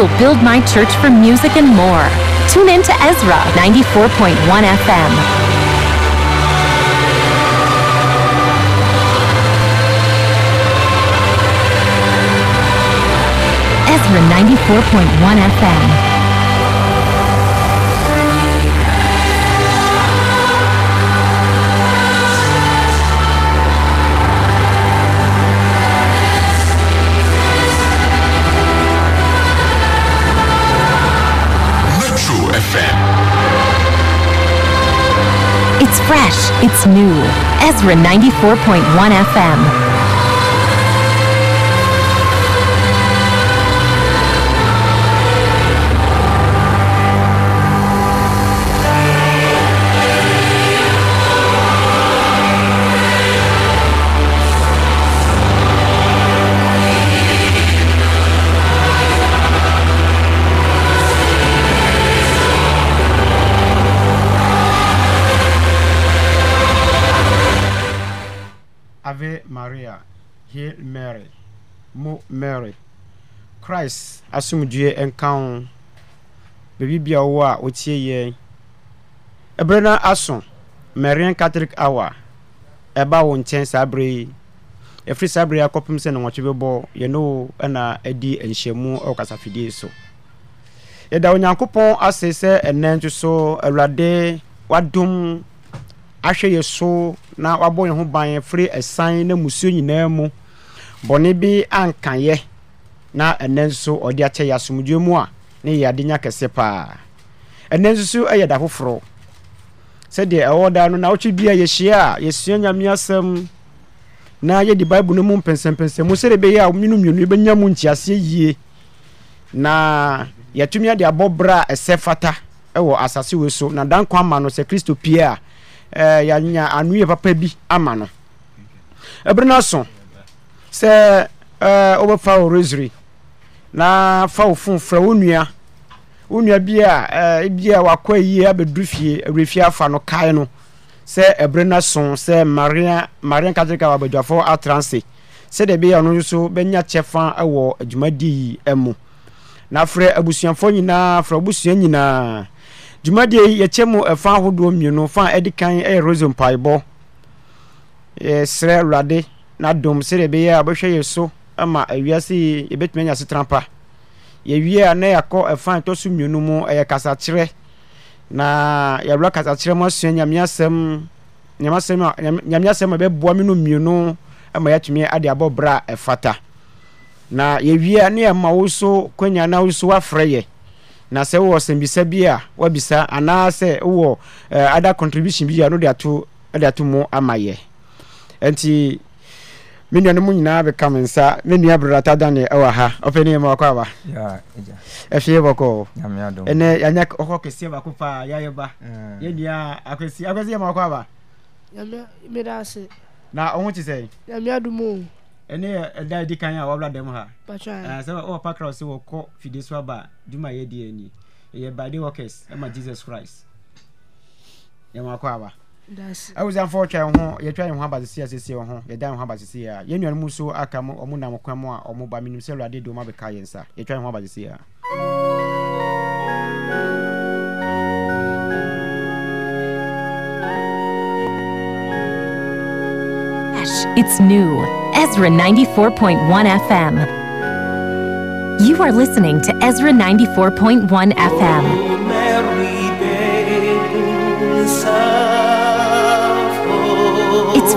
will build my church for music and more. Tune in to Ezra 94.1 FM. Ezra 94.1 FM. fresh, it's new. Ezra 94.1 FM. christ asomdue nka ho baabi bia wɔ a wɔtie yɛn ɛberɛ no aso marian catholic hour ɛba wo nkyɛn saa berɛ yi ɛfiri saa berɛ yi akɔpem sɛ nɔwɔtwe bɛbɔ yɛne wo ɛna adi nhyiamu ɛwɔ kasafidie so yɛda onyankopɔn ase sɛ ɛnɛ nso so awurade wadom ahwɛ yɛ so na wabɔ yɛn ho ban firi ɛsan na musuo nyinaa mu bɔne bi anka na nɛ so ɔde kɛ yɛ asomdɛmu a na y ade nya kasɛ p nɛ o yɛ oorɔ ɛɛ a eo kristo eɛ bɛfa rɛ na fa wo fon fra wo nua wo nua bi a eh, bi a wakɔ yie abɛduru fie awura fie afa no kae no sɛ ɛbere na so sɛ maria maria kakyerika wɔ abadwafo atranse sɛdeɛ bi a ɔno nso bɛnya kyɛfa wɔ dwumadie yi mu na frɛ abusuafoɔ nyinaa frɛ abusua nyinaa dwumadie yi yɛkyɛ mu ɛfa ahodoɔ mmienu fa a ɛdi kan yɛ rose mpaebɔ yɛsrɛ awurade n'adom sɛdeɛ bi a ɔbɛhwɛ yɛ so ama ewiase yi yɛbɛtumi anya asetena pa yɛwie a na yɛakɔ ɛfa ɛtɔ so mmienu mu ɛyɛ kasakyerɛ na yɛwura kasakyerɛ mu asua nyame asɛm nyame asɛm a nyame asɛm a ɛbɛboa me no mmienu ama yɛatumi ade abɔ bra ɛfata na yɛwie a na yɛma wo so kwanya na wo so wafrɛ yɛ na sɛ wowɔ sɛmbisa bi a woabisa anaasɛ wowɔ uh, ada contribution bi a no de ato de ato mu ama yɛ nti menuano mu nyinaa bekame sa menua brɛatadane wha pne ymwak bakseakopmwtsmhawk fds ydnɛass ɛwo sɛ wo ho yɛtwa ho ho yɛda ho a aka ɔmo nam kwan mu a ɔmo ba menim sɛ awurade yɛ nsa yɛtwa ho a It's new. Ezra 94.1 FM. You are listening to Ezra 94.1 FM. Oh, Mary,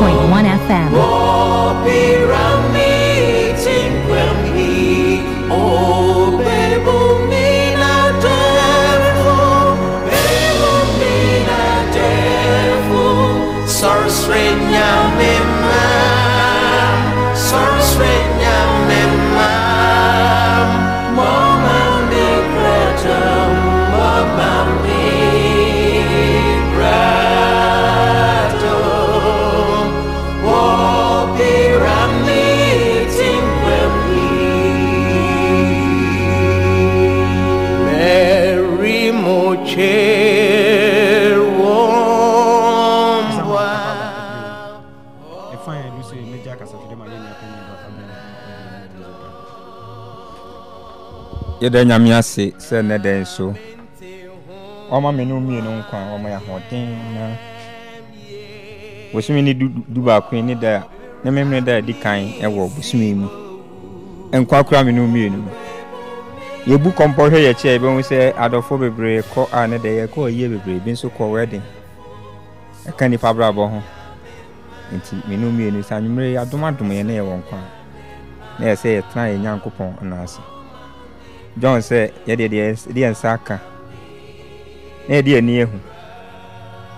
One. yɛda nyame ase sɛ nnɛ dɛn so ɔma me ne mmienu nkwa ɔma yɛ ahoɔden na bosome ne dubaako ne da ne memene da adi kan ɛwɔ bosome mu nkwa kora me ne mmienu yɛbu kɔmpɔ hwɛ yɛkyi a yɛbɛhu sɛ adɔfoɔ bebree kɔ a ne dɛ yɛkɔ ɔyie bebree bi nso kɔ wɛden ɛka nnipa brabɔ ho nti me ne mmienu sɛ yɛ ne yɛwɔ na yɛ sɛ yɛtena yɛ john sɛ yɛde deɛ nsa aka na yɛde ani ehu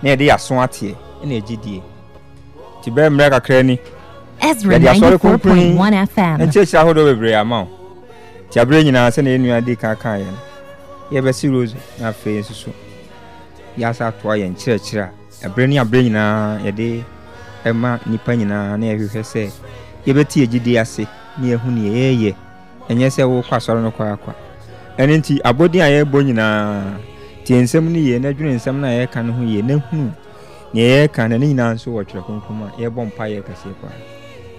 na yɛde aso ateɛ ɛna egyi die te bɛɛ mmerɛ kakra ni yɛde asɔre kunkun na nkyɛnkyɛn ahodoɔ bebree ama wo te abere nyinaa sɛ na yɛn nua di kan kan yɛn yɛbɛsi rose na afei nso so atoa yɛn kyerɛkyerɛ a abere ne abere nyinaa yɛde ɛma nipa nyinaa na yɛhwehwɛ sɛ yɛbɛti egyi die ase na yɛhu nea yɛyɛ ɛnyɛ sɛ wɔkɔ asɔre no kɔ akɔ. ɛno nti abɔden a yɛrebɔ nyinaa tie nsɛm no yie na dwene nsɛm no a yɛreka no ho yie na hunu nea yɛreka na ne nyinaa nso wɔ twerɛ kronkron a yɛbɔ mpa yɛ kɛseɛ paa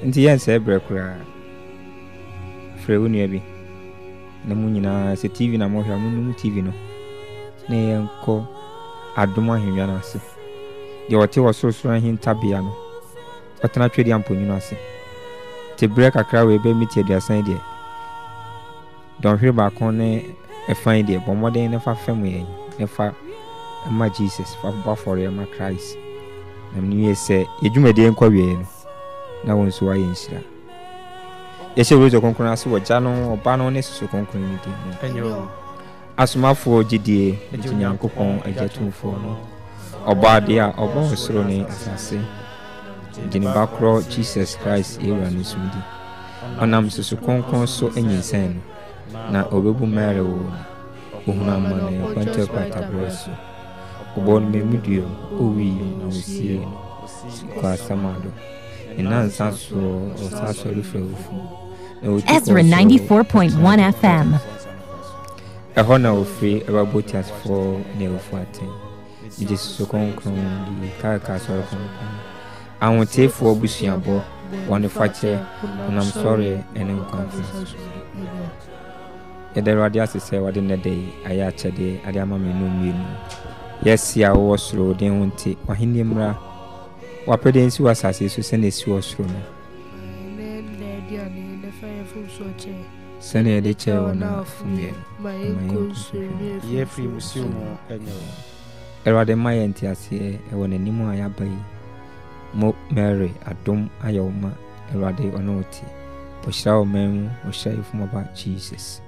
nti yɛnsɛe berɛ koraa frɛ wo nua bi na mu nyinaa sɛ tv na mɔhwɛ a monom tv no na yɛnkɔ adom ahennwa no ase deɛ ɔte wɔ sorosoro ahentabea no ɔtena twɛdeɛ ampɔnyi no ase te berɛ kakra wɔ ɛbɛmi te aduasan deɛ dɔnhwere baako ne ɛfan deɛ bɔ mmɔden ne fa fam yɛn ne fa ma jesus fa bafɔre ma christ na mu yɛ sɛ yɛdwumadeɛ nkɔ wieɛ no na wɔn nso ayɛ nhyira yɛhyɛ rosa kronkron ase wɔ gya no ɔba no ne soso kronkron no din asomafoɔ gyidie nti nyankopɔn agyatomfoɔ no ɔbɔ adeɛ a ɔbɔ ɔsoro ne asase gyene ba korɔ jesus christ yɛwura no som di ɔnam soso kronkron so anyinsɛn no na obebu mmeri wɔ ohun amane ɛkɔntɛ kwataberɛ so ɔbɔ no memu dua owii na osie kɔ asɛm ado ɛna nsa soɔ ɔsa sɔre fɛwofo Ezra 94.1 FM. ɛhɔ na ofiri ɛbɛbɔ tiasefoɔ ne awufo aten gye soso kronkron de kaakaa sɔre kronkron ahoteefoɔ busuabɔ wɔne fakyɛ ɔnam sɔre ɛne nkwanfo yɛde awurade ase sɛ wade nnɛ da yi ayɛ akyɛdeɛ ade ama mmienu mmienu yɛasi a wowɔ soro wo den ho nti wahenneɛ mmra wapɛdeɛ nsi wɔ asase so sɛne ɛsi wɔ soro no sɛne yɛde kyɛɛ wɔ no awurade ma yɛ nteaseɛ ɛwɔ n'anim a yɛaba yi mo mary adom ayɛ wo ma awurade ɔne wo te ɔhyira wo man mu ɔhyira yɛfomaba jesus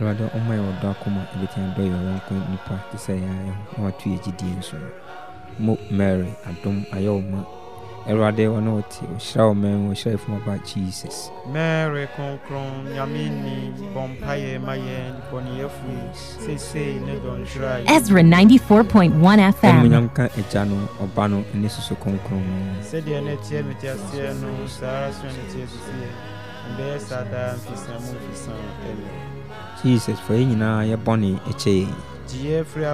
awurade ɔma yɛ ɔdɔ akoma ɛbɛtumi dɔ yɛ ɔyɔnko nipa te sɛ yɛn ho na wato yɛ gyidie nso no mo mary adom ayɛ wo awurade wɔ ne ɔhyira wo mɛn wɔhyira ɛfom aba jesus mary kronkron nyame ni bɔ mpayɛ ma yɛn bɔneyɛfo seesei ne dɔnhwera ezra 94.1 fm ɛmunyam ka agya no ɔba no ne soso kronkron no sɛdeɛ ne teɛ meteaseɛ no saa ara so ne teɛ sisiɛ mbɛyɛ saa daa mfisa mu mfisa ɛnɛ jesus fa nyinaa yɛ bɔne ɛkyɛ gyeɛ firi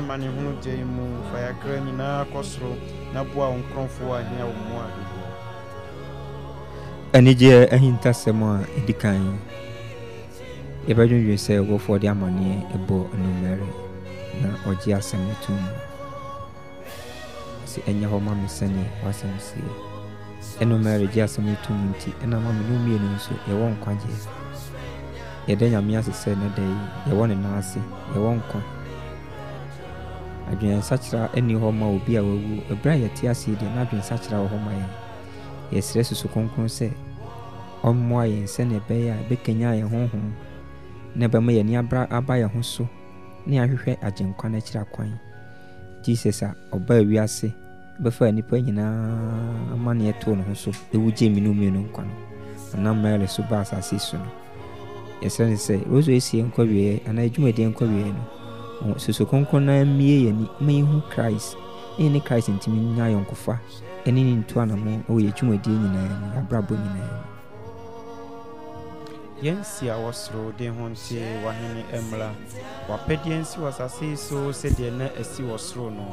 gya yi mu fa nyinaa kɔ soro na boa wo nkurɔmfoɔ a hia wo mu a anigyeɛ ahintasɛm a ɛdi kan yɛbɛdwendwen sɛ wɔfoɔ de amanneɛ na ɔgye asɛm no to sɛ ɛnyɛ hɔ ma me w'asɛm sie nti ɛna ma me nso yɛwɔ nkwagyeɛ yɛda nyame ase sɛ na da yi yɛwɔ ne nan ase yɛwɔ nkwa adwensakyera ani hɔ ma obi a wawu ɛberɛ a yɛte ase deɛ na adwensakyera wɔ hɔ ma yɛn yɛsrɛ susu kronkron sɛ ɔmmoa yɛn sɛne ɛbɛyɛ a ɛbɛkanya yɛn honhom na ɛbɛma yɛn ani aba yɛn ho so na yɛahwehwɛ agyenkwa no akyiri akwan jesus a ɔbaa wiase bɛfaa nnipa nyinaa ma ne yɛtoo ne ho so ɛwu gye mmienu nkwa no ɔnam mmarɛ so baa asase so no yɛsrɛ no sɛ roso esie nkɔwieɛ anaa adwumadeɛ nkɔwieɛ no soso kronkron na mmie yɛni ma yɛhu christ ɛyɛ ne christ ntumi nya ayɔnkofa ɛne ne ntu anamo ɛwɔ yɛ na nyinaa mu yɛabrabɔ nyinaa mu yɛnsi a wɔsoro den ho nte wahene wapɛdeɛ nsi wɔ asase so sɛdeɛ na wɔ soro no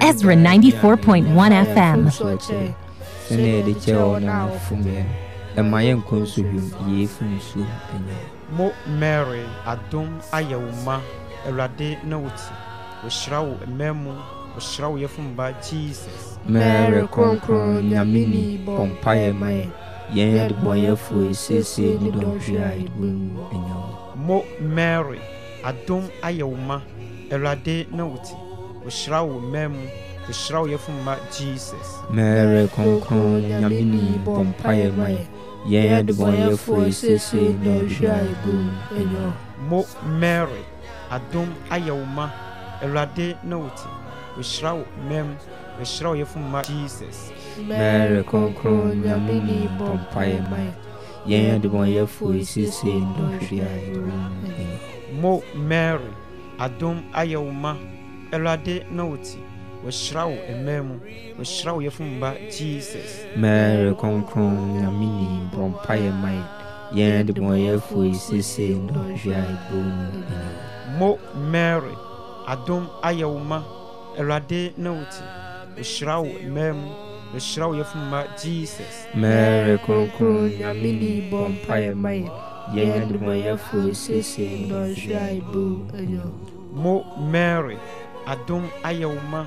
Ezra 94.1 FM ɛma yɛ nkɔ nsuhwem yeefu nsuo ɛnyɛ mo mary adom ayɛ wo ma awurade na wo ti wɔhyira wo mmamu wɔhyira wo yɛfomba jesus mary kronkron nyameni bɔ mpaeɛ ma yɛ yɛn yɛde bɔ yɛfoɔ ɛsiesie ne dɔnhwere a ɛdibɔmu ɛnyɛ wo mo mary adom ayɛ wo ma awurade na wo ti wɔhyira wo mmamu wɔhyira wo yɛfomba jesus mary kronkron nyameni bɔ mpaeɛ ma yɛ yɛn adebɔnyɛfoɔ ɛsiesie na ɛhwɛ a ɛgu mo mary adom ayɛ wo ma awurade na wo te wɔhyira wo mam wɔhyira wo yɛfo ma jesus mary kronkron nyame ne bɔ mpaeɛ ma yɛn adebɔnyɛfoɔ ɛsiesie na ɛhwɛ a mo mary adom ayɛ wo ma awurade na wo te wɔhyira wo mmaa mu wɔhyira wo yɛfomba jesus mary kronkron nyameni bɔmpa yɛ man yɛn de bɔnyɛfoɔ yi sesei ndɔhwɛ a ɛburo mu mo mary adom ayɛ wo ma awurade na wo ti wɔhyira wo mmaa mu wɔhyira wo yɛfomba jesus mary kronkron nyameni bɔmpa yɛ man yɛn de bɔnyɛfoɔ yi sesei ndɔhwɛ a ɛburo mu mo mary adom ayɛ wo ma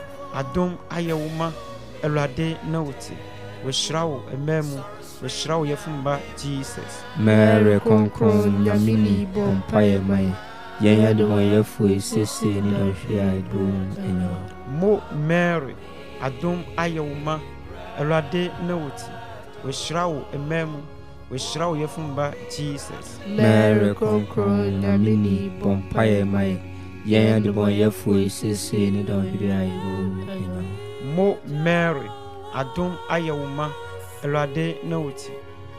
adom ayɛ wo ma awurade na wo te wɔhyira wo mu wɔhyira wo yɛfomba jesus mɛre kronkron nyameni bɔ mpayɛ ma yɛ yɛn adɔmayɛfo ɛsesee ne ahwɛ a ɛdom mo mary adom ayɛ wo ma awurade na wo te wɔhyira wo mmaa mu wɔhyira wo yɛfomba jesus mɛre kronkron bɔ mpayɛ ma yɛ yɛn adebɔnyɛfoɔ yi seesei ne dɔnhwere a yɛwɔ mu nyinaa mo mary adom ayɛ wo ma awurade na wo ti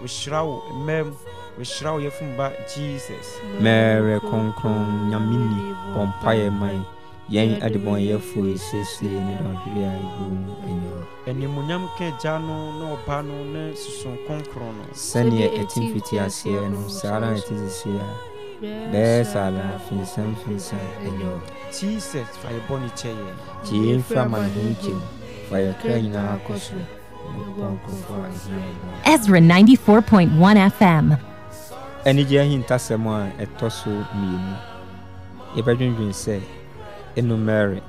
wɔhyira wo mmaa mu wɔhyira wo yɛfomba jesus mɛrɛ kronkron nyameni bɔmpayɛ ma yɛ yɛn adebɔnyɛfoɔ yi seesei ne dɔnhwere a yɛwɔ mu nyinaa animuonyam ka agya no na ɔba oh, no ne susun kronkron no sɛneɛ ɛtim fiti aseɛ no saa ara ɛte sesie a dɛɛsa la finsan finsan ɛnyɛ jesus fa yɛ bɔ ne kyɛ yɛ gye yɛn fira ma ne ho nkyɛm fa yɛ kra nyinaa kɔ soro Ezra 94.1 FM Anigye ahintasɛm a ɛtɔ so mmienu yɛbɛdwendwen sɛ ɛno mary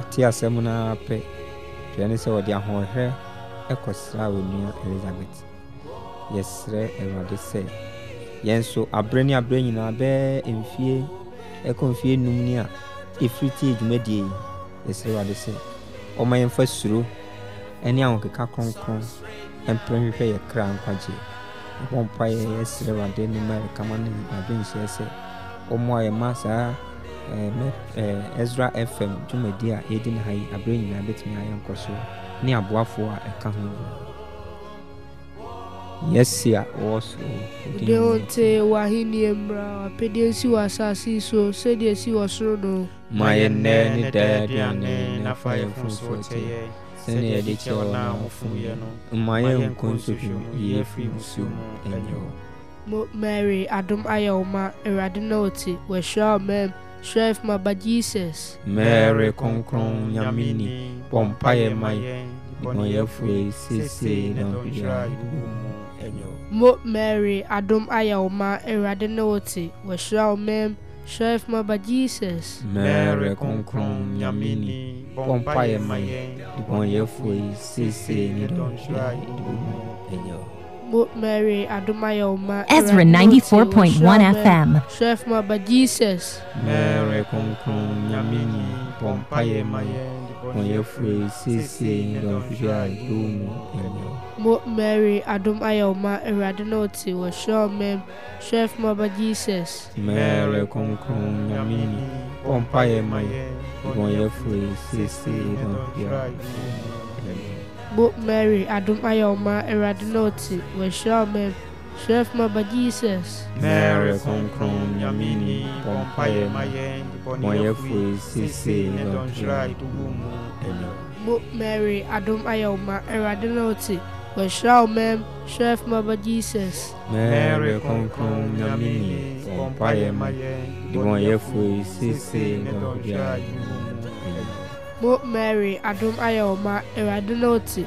ɔte asɛm no pɛ dua ne sɛ wɔde ahoɔherɛ ɛkɔsraa wɔ nua elizabeth yɛsrɛ awurade sɛ yɛn nso aberɛ ne aberɛ nyinaa bɛɛ mfie ɛkɔ mfie num ni a ɛfiri tie dwumadie yi yɛsrɛ wade sɛ ɔma yɛmfa suro ɛne ahokeka kronkron ɛmprɛ hwehwɛ yɛ kra nkwagye ɛbɔ mpa yɛ yɛsrɛ wade ne ma yɛkama no nyinabenhyɛɛ sɛ ɔmmoa yɛma saa ɛsra fm dwumadi a yɛdi ne ha yi aberɛ nyinaa bɛtumi ayɛ nkɔ so ne aboafoɔ a ɛka ho yɛsi a wɔwɔ soro de wo nte w'ahenni mmra w'apɛdeɛ si wɔ asase so sɛdeɛ si wɔ soro no ma yɛn nnɛ ne daa aduane na fa yɛn mfomsoɔ kyɛ yɛn sɛnea yɛde kyɛ wɔn a wɔfomyɛ no mma yɛn nkɔ nsɔhwem yie firi nsuo mu ɛnyɛ hɔ mo mary adom ayɛ wo ma awurade na ɔte wɔahyira wo mam hwɛf ma ba jesus mary kronkron nyameni bɔ mpaeɛ ma bɔneyɛfo yi seesei na ɔyɛ mo mary adom ayɛ wo ma awurade ne wo Sheriff Maba Jesus. Mary Concron Yamini, Bompire Maye, the Boyefui, Sisi, Nidonshai, Eyo. Mary Adumayoma. Ezra 94.1 FM. Sheriff Maba Jesus. Mary Concron Yamini, Bompire Maye. wɔyɛfoɔ seesei na a yɛwɔ mu mo mary adom ayɛ wo ma awurade na ɔte wɔ hwerɛw mam hwerɛ aba jesus mary kronkron nyame ni ɔmpa yɛ ma yɛ wɔyɛfoɔ seesei na ɔhwehwɛ a mo mary adom ayɛ wo ma awurade na ɔte wɔ hwerɛw mam Chef ba jesus mary kronkron nyameni bɔmpaeɛ ma yɛn bɔneyɛfoe sesei ne dɔnhwerɛ a yɛtobu mu ani mo mary adom ayɛ wo ma awurade ne wo te wɔahyira wo mam hwɛfma ba jesus mary kronkron nyameni bɔmpaeɛ ma yɛn bɔneyɛfoe sesei ne dɔnhwerɛ a yɛtobu mu ani mo mary adom ayɛ wo ma awurade ne wo te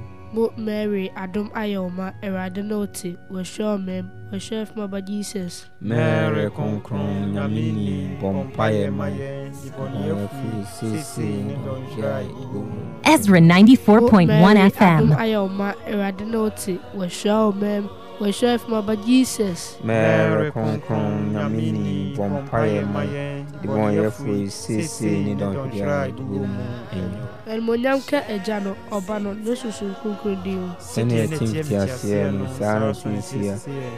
mo mary adom Ayoma awurade na ɔte wɔahwɛ ɔmam ba jesus mary Konkron nyame ni bɔ mpaeɛ ma yɛfiri ezra 94.1 fm ayɛwoma awurade na ɔte wɔahwɛ ɔmam wɔhyɛ afima ba jesus mɛɛre kronkron nyame ni animonyam kɛ agya no ɔba no ne susu nkonkron din mu sɛne yɛtim teaseɛ no saa no so nsia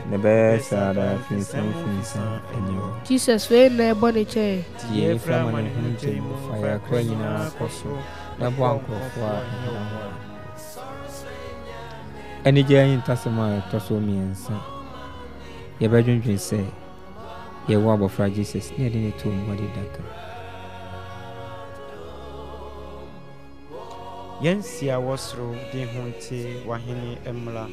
na ɛbɛyɛ saa daa finsan finsan ani hɔ jesus wei na ɛbɔ ne kyɛɛ nti yɛmfa ma ne ho nkyɛn mu fa yɛakra nyinaa kɔ so na boa nkurɔfoɔ a ɛhia ho a anigye ayi ntasɛm a ɛtɔ so mmiɛnsa yɛbɛdwendwen sɛ yɛwɔ abɔfra jesus ne yɛde ne too mmɔde daka yɛn nsia wɔ soro de ho nte wahene mmra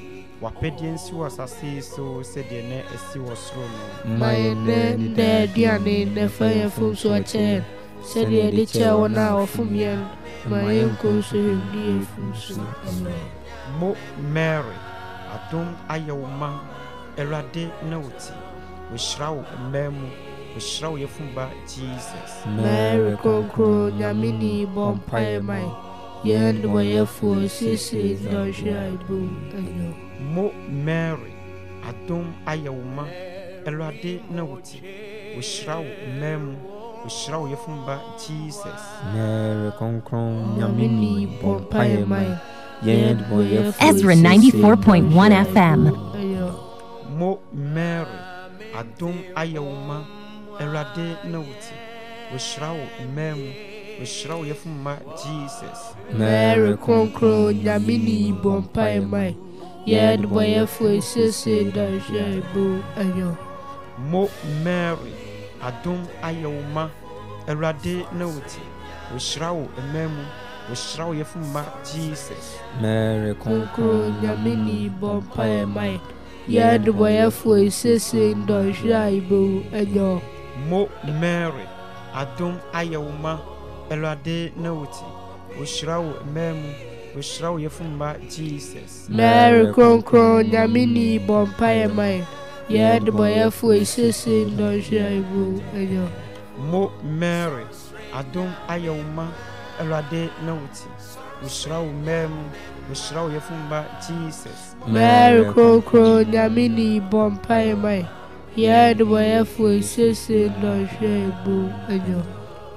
wapɛdeɛ nsi wɔ asase yi so sɛdeɛ na ɛsi wɔ soro no ma yɛnnɛ nnɛ aduane nnɛfa yɛn fom so ɔkyɛn sɛdeɛ yɛde kyɛɛ wɔn a wɔfom yɛn ma yɛnkɔ so yɛnni yɛn so mo mary adom ayɛ wo ma awurade na wo ti wɔhyira wo mmaa mu wɔhyira wo yɛfom ba jesus mary kronkron nyame ni bɔ mae yẹn wọ̀nyẹ fo sisi lọ́sẹ̀ àìbò ẹ̀yọ. mo mary adum ayẹwòma ẹlọ́adé náà wò ti òṣìṣẹ́ wò mẹ́mu òṣìṣẹ́ wò yẹ jesus. mary kankan nyami ni bọ̀mpa yẹn ezra ninety four point one fm. mo mary adum ayẹwòma ẹlọ́adé náà wò ti mehyira wo yɛfo ma jesus mary kronkron nyame ne yibɔ mpae mae yɛn bɔyɛfo da hwɛ bo mo mary adom Ayoma wo ma awurade na wo ti wɔhyira wo mma mu wɔhyira wo jesus mary kronkron nyame ne yibɔ mpae mae yɛn bɔyɛfo da hwɛ bo mo mary adom Ayoma ma Elwade Nawuti, Oshirawo Memu, Oshirawo Yefumba Jesus. Mary Kronkron, Yamini Bompire Mai, e. Yad Boyafu, e Sisi, Ndoshia Ibu, Ejo. Mo Mary, Adom Ayoma, Elwade Nawuti, Oshirawo Memu, Oshirawo Yefumba Jesus. Mary Kronkron, Yamini Bompire Mai, Yad Boyafu, e Sisi, Ndoshia Ibu, Ejo.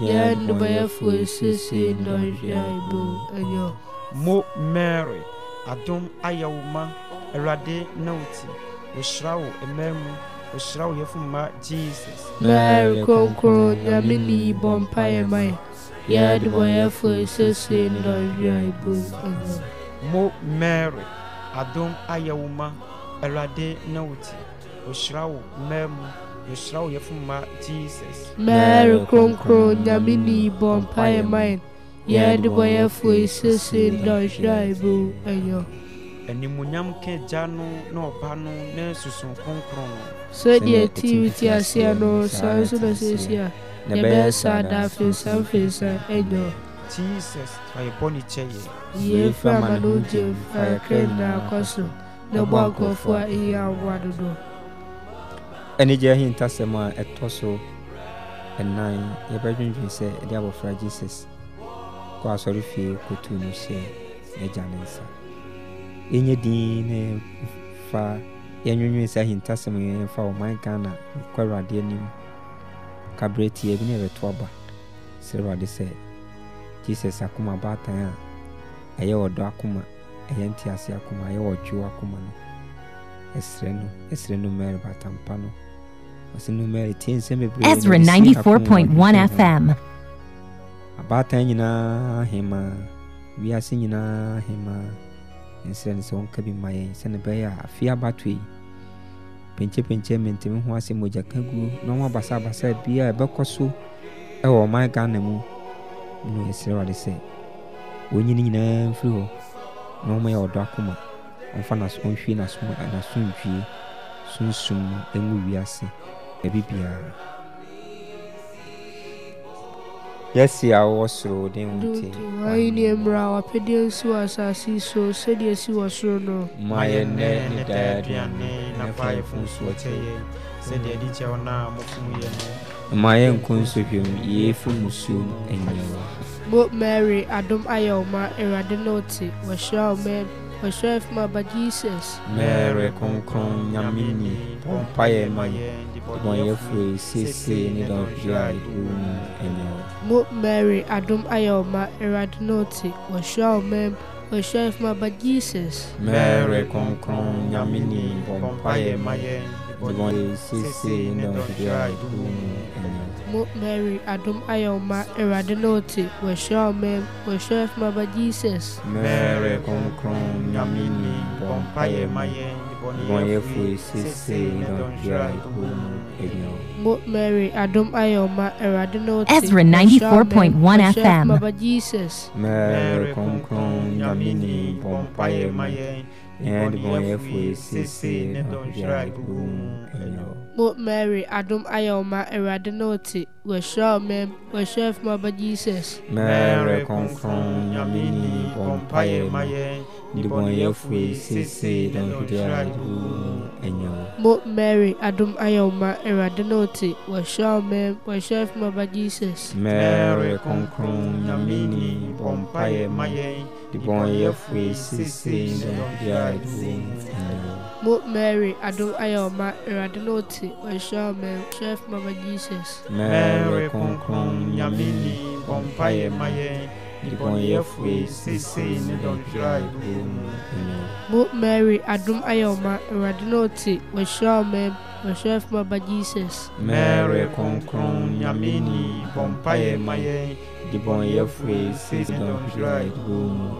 yɛn bɔyɛfoɔ seesei na ɔhwɛbo ɛnyɛ mo mary adom ayɛ wo ma awurade na wo ti wɔhyira wo ma mu wɔhyira wo yɛfo mma jesus mary kronkron nyame ne bɔ mpaeɛ ma yɛ yɛn bɔyɛfoɔ seesei na ɔhwɛbo mo mary adom ayɛ wo ma awurade na wo ti wo mu mesra wo yɛfo ma jesus mary kronkron nyame ni bɔ mpaeɛ man yɛde bɔ yɛfo sesei dɔnhwerɛe bo ɛyɔ animuonyam ka agya no na ɔba no na susun kronkron no sɛdeɛ tv ti aseɛ no saa nso na seesi a na saa da afensan fensan ɛnyɛ jesus ɔyɛbɔ ne kyɛ yɛ yie fira ma no gye fira kre nyinaa kɔ so na bɔ nkurɔfoɔ a ɛyɛ awoa dodoɔ ɛne gye ahi ntasɛm a ɛtɔ so ɛnan yɛbɛdwendwen sɛ ɛde abɔfra jesus kɔ asɔre fie kɔtu no hyɛ n'agya ne nsa ɛnyɛ din na ɛmfa yɛnwenwen sɛ ahintasɛm yɛmfa ɔman ghana kɔ awurade anim kaberɛ tiɛ bi ne yɛbɛto aba sɛ awurade sɛ jesus akoma baatan a ɛyɛ ɔdɔ akoma ɛyɛ ntease akoma ɛyɛ ɔdwo akoma no ɛsrɛ no ɛsrɛ no mɛrɛ no Ezra 94.1 FM. Abaatan nyinaa ahema, wiase nyinaa ahema, nsirɛ no sɛ wɔnka ma yɛn sɛne bɛyɛ a abato yi penkyɛpenkyɛ mentemi ho asɛ mogya ka guo na ɔma basabasa biaa ɛbɛkɔ so ɛwɔ ɔman ghana mu na yɛsrɛ wade sɛ ɔnyini nyinaa mfiri hɔ na ɔma yɛ ɔdɔ akoma ɔmfa ɔnhwie nasomdwie sunsum mu ɛmu wiase ebi biara yɛsi a wɔwɔ soro wo din wa nti ayi ne mmara wapɛdeɛ nsi wɔ asase so sɛdeɛ si wɔ soro no ma yɛnnɛ ne daa aduane na fa yɛfo nsuo kyɛyɛ sɛdeɛ de kyɛ wo no a mofom yɛ no ma yɛnko nso hwɛm yeefi musuo anyɛ wɔ mo mary adom ayɛ wo ma awurade ne wo te wɔhyira ma ba jesus mary kronkron nyame ni pɔmpa yɛ ma bɔnyɛfoɔ seesei ne dɔnhwere a ɛdurumi ɛnyɛ hɔ mo mary adom ayɛ wo ma awurade no ɔte wɔahyira wo mam wɔahyira yɛfom aba jesus ni bɔmpayɛ ma yɛn bɔnyɛ seesei ne dɔnhwere a ɛdurumi mo mary adom ayɛ wo ma awurade no ɔte wɔahyira wo mam wɔahyira yɛfom aba jesus ni bɔmpayɛ ma bɔnyɛ foyi seesei dɔnhwea mary ezra 94.1 fm jesus mary mo mary adom ayɛ wo ma awurade ne wo te wɔahyira wo mam wɔahyira afima ba jesus mary kronkron nyameni bɔ mpayɛ ma yɛn nnebɔnyɛfoe seesei na mfidiara wo anya mo mary adom ayɛ wo ma awurade ne wo te wɔahyira wo mam wɔahyira afima ba jesus mary kronkron nyameni bɔ mpayɛ ma yɛn nnebɔnyɛfoe seesei na mfidiara anya mo mary adum ayọ̀ọ́má ìràdé náà ti ẹ̀ṣọ́ ọmọ chef mama jesus. mẹ́rẹ̀ kọ̀ọ̀kan nyàmé ni bọ̀m̀pá yẹn má yẹn ìbọn yẹn fòye ṣèṣe ní dọ̀jọ́ àìkú mu. mo mary adum ayọ̀ọ́má ìràdé náà ti ẹ̀ṣọ́ ọmọ ẹ̀ṣọ́ mama jesus. mẹ́rẹ̀ kọ̀ọ̀kan nyàmé ni bọ̀m̀pá yẹn má yẹn ìbọn yẹn fòye ṣèṣe ní dọ̀jọ́ àìkú mu.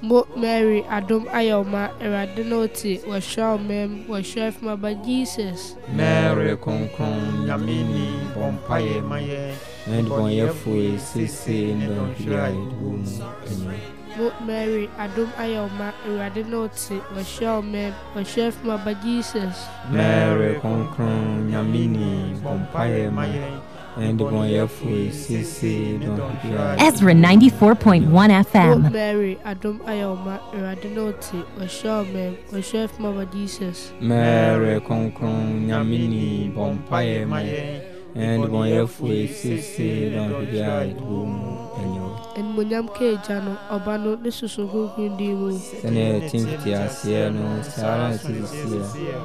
Mo Mary Adam Ayoma Eradenoti Washua Mem Washua Maba Jesus. Mary Kunkun Yamini Bompaye Maye and Boyefui Sisi in the Mo Mary Adam Ayoma Eradenoti Washua Mem Washua Maba Jesus. Mary Kunkun Yamini Bompaye Maye. Ezra 94.1 FM. Mary, Adom Ayoma, Radinoti, Oshaman, Oshef Mama Jesus. Mary, Concron, Yamini, and Don't Be animonyam ka agya no ɔba no ne soso honhom din mu sɛnea ɛte mfitiaseɛ no saa ara nsesisiɛ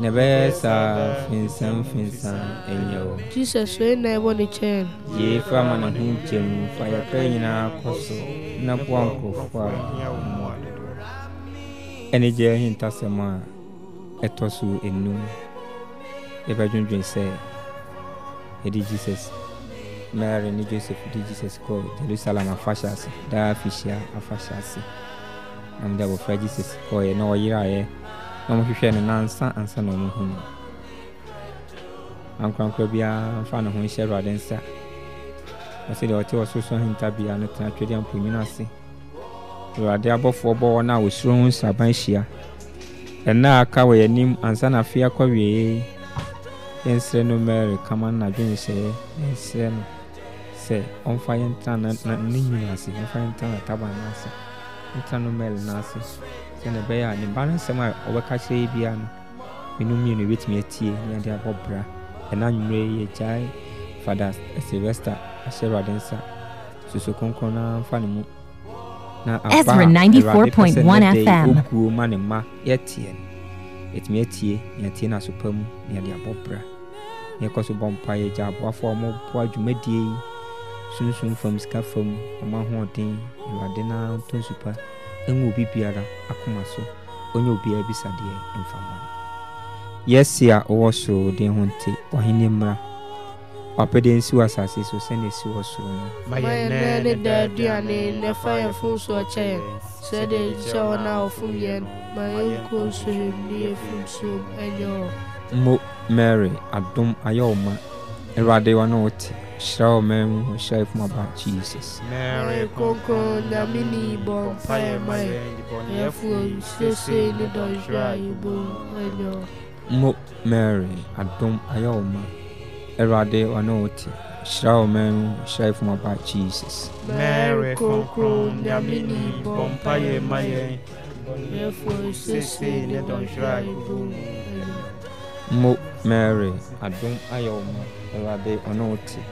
na ɛbɛyɛ saa finsam finsam ɛnyɛ wɔ jesus wei na ɛwɔ ne kyɛn no yei fa ma ne ho nkyɛ mu fa yɛpɛ nyinaa kɔ so na boa nkurɔfoɔ a mmoa ɛne gye ahintasɛm a ɛtɔ so enum yɛbɛdwendwen sɛ yɛde jesus na rene joseph de jesus kɔɔ jerusalem afahyɛ ase daa fihyia afahyɛ ase na mede abɔfra jesus kɔɔeɛ na ɔyeraeɛ na ɔmohwehwɛ no nansa ansa na ɔmohu no ankorankora biara mfa ne ho nhyɛ awurade nsa ɔsɛdeɛ ɔte ɔsoso ahentabea no tena twɛde amponwini ase awurade abɔfoɔ bɔ wɔn a wɔsuro ho nsaban hyia ɛna a aka wɔ yɛnim ansa na afei akɔwiee yɛnsrɛ no mary kama nnadwenhyɛeɛ yɛnsrɛ no sɛ ɔmfa yɛ ntena ne nwunu ase ɔmfa yɛ ntena nataba no ntena no mɛl no ase sɛne ɛbɛyɛ a ne ba no nsɛm a ɔbɛka kyerɛ yi biara no menu mmienu bɛtumi atie ne yɛde abɔ bra ɛna e nnwummerɛ yɛgyae fada sylvester ahyɛ awurade nsa susu kronkron na mfa ne mu na aba a awurade pɛ ne dɛ oguo ma ne mma yɛteɛ no yɛtumi atie ne yɛtie no mu ne yɛde abɔ bra ne yɛkɔ so bɔ mpa yɛgya aboafoɔ a ɔmɔboa dwumadie yi sunsum fam sika fam ɔma ahoɔden awurade na ntɔ nsupa ɛnwo obi biara akoma so onye obiara bisadeɛ mfa ya a ɔwɔ soro den ho nte ɔhene mmara wapɛde nsi wɔ asase so sɛne ɛsi wɔ soro no ma ya ne aduane na fa yɛfom so ɔkyɛ yɛn sɛde nkyɛ wɔn a ne ɛnyɛ wɔ mo mary ayɛ Show assim. Mary, shout from about Jesus. Mary, Coco, Lamini, Bon, Fire, my Nephew, Sissy, the Dodge, Raybo, Hello. Mo Mary, Adom Ayoma, Erade, Onoti. Shout assim. Mary, shout my back, Jesus. Mary, Coco, Lamini, Bon, Fire, my Nephew, Sissy, the Dodge, Raybo, Hello. Mo Mary, Adom Ayoma, Erade, Onoti.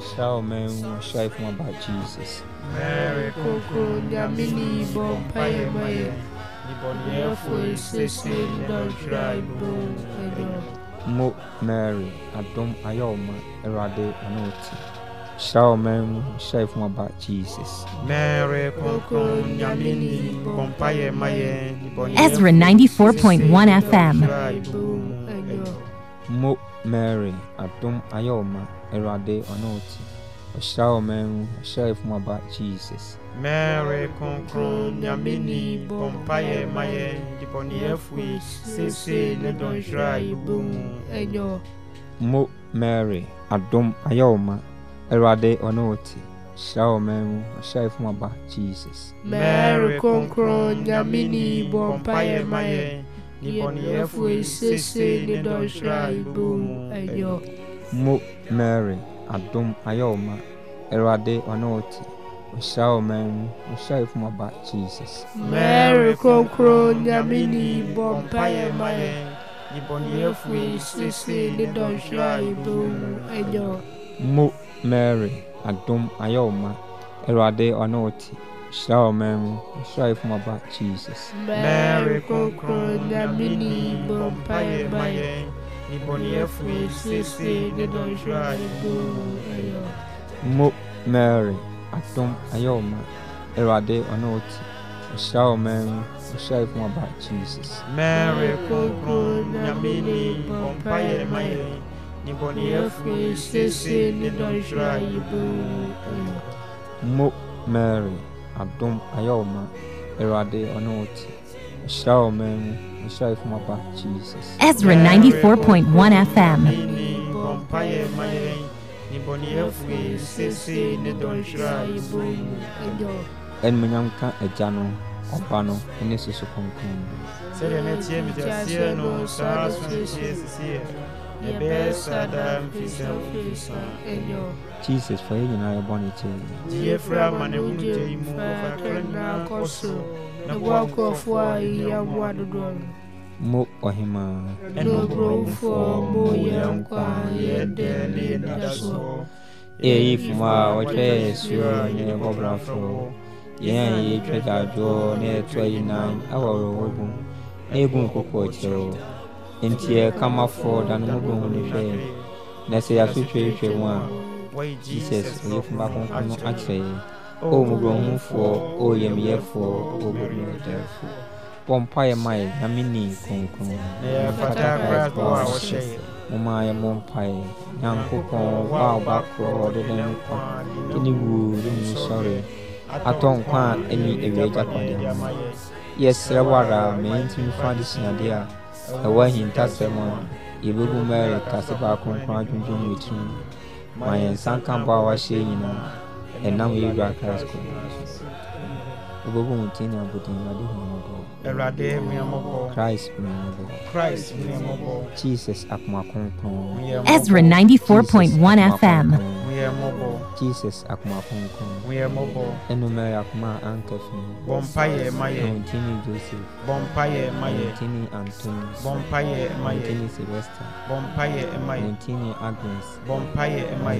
Show me one show from about Jesus. Mary Coco, Yamini, Bon Paye Maye, Niboniafo, Sissin, Dodrai, Bon, Mo Mary, Adom Ayoma, Erade, Anoti. Show me one show from about Jesus. Mary Coco, Yamini, Bon Paye Maye, Ezra 94.1 FM. Mo Mary, adom Ayoma, wo Onoti, Awurade ɔne wo te. Ɔhyira wo man ɔhyira efum aba Jesus. Mary kronkron nyamini bɔ mpaeɛ ma yɛn dibɔneyɛfo yi seesei ne dɔnhwere a yɛbɔ mu Mo Mary, adom Ayoma, wo Onoti, Awurade ɔne wo te. Ɔhyira wo man ɔhyira efum aba Jesus. Mary kronkron nyamini bɔ mpaeɛ ma yɛn nnipaneɛfoɔ sese ne dɔhwerɛ a ɛbɛwɔ mu mo mary adom ayɛ wo ma awurade ɔne wo te ɔhyira jesus mary kronkro nyameni bɔ mpayɛ ma yɛn nnipaneɛfoɔ sese ne dɔhwerɛ mo mary adom ayɛ wo ma Shout Mary, shout from about Jesus. Mary, Coco, the mini, Bompire, by the Bonnie Free, Sissy, the Don't Try, to eh. Mo Mary, I I don't Atom Ayoma, Erade Onoti. Shout Mary, shout from about Jesus. Mary, Coco, the mini, Bompire, by the Bonnie Free, Sissy, the Don't Try, to eh. Mo Mary adom ayɛ wo awurade ɔne wo te ɛhyira wo man mu ɛhyira yɛfom aba jesus ezra 94.1 fm ɛnumonyam ka agya no ɔba no ne soso kronkron sɛdeɛ na tie mitaseɛ no saa so ne tie sisiɛ ɛbɛyɛ saa daa mfisa mfisa ɛyɛ Jesus for yɛn nyinaa yɛbɔ ne kyɛ yi yɛfrɛ amanehunu gye yi mu ɔfakra nyinaa kɔ soro na boa nkurɔfoɔ a yɛyi dodoɔ no mo ɔhema ɛne mo yɛn nkwa yɛdɛ ne yɛdasoɔ yɛyi foma a wɔtwɛ yɛ suo ne yɛbɔbrafoɔ yɛn a yɛtwa gyaadwoɔ ne yɛto ayinan awɔwerɛwɔ gu na yɛgu nkokɔ kyerɛw enti yɛkamafoɔ da no mu ne hwɛ na sɛ yɛaso twɛtwɛ mu a Jesus, we from back home from Akshay. O Mugron for oh, oh, oh, O Yemier for O Bruno therefore. Pompire my Yamini Concon. Fata Christ Bosh. Mumaya Mompai. Yankopon, wow, back road, and any wood, any sorry. Aton Kwan, any Evaja Padiam. Yes, Rawara, maintain Fadis Nadia. Away in Tassaman. Ibugu Mary, Tassiba Concon, Junjun with him. my yɛn nsa nka bɔ a wahyɛ nyinaa ɛnam yi wura christ kɔ christ christ jesus ezra 94.1 fm jesus akoma kronkron woyɛ mmɔbɔ ɛno mary akoma a anka fi bɔ mpayɛ joseph bɔ mpayɛ ma yɛ ɔntini antony bɔ sylvester bɔ mpayɛ ma agnes bɔ mpayɛ ma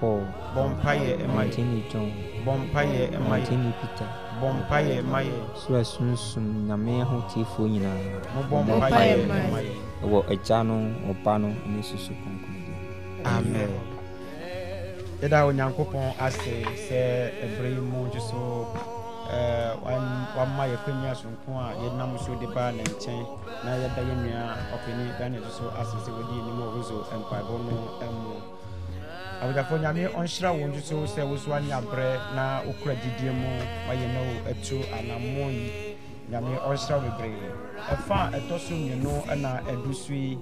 paul bɔ mpayɛ ma john bɔ mpayɛ ma peter bɔ mpaeɛ ma yɛ so asunsun nyame ahotefoɔ nyinaa mobɔ mpaeɛ ma yɛ ɛwɔ agya no ɔba no ne susu kronkron amen, amen yɛda onyankopɔn ase sɛ ɛberɛ yi mu gye so eh, wama yɛkwanya sonko a yɛnam so de baa ne nkyɛn na yɛda yɛ nua ɔpani daniel so ase sɛ wɔdi anim a wɔso mpaebɔ no mu abodafoɔ nyame ɔnhyira wo nso so sɛ wo so anya berɛ na wokura gyidie mu wayɛ na wo atu anammɔ yi nyame ɔnhyira wo bebree ɛfa a ɛtɔ so mmienu na ɛdu so yi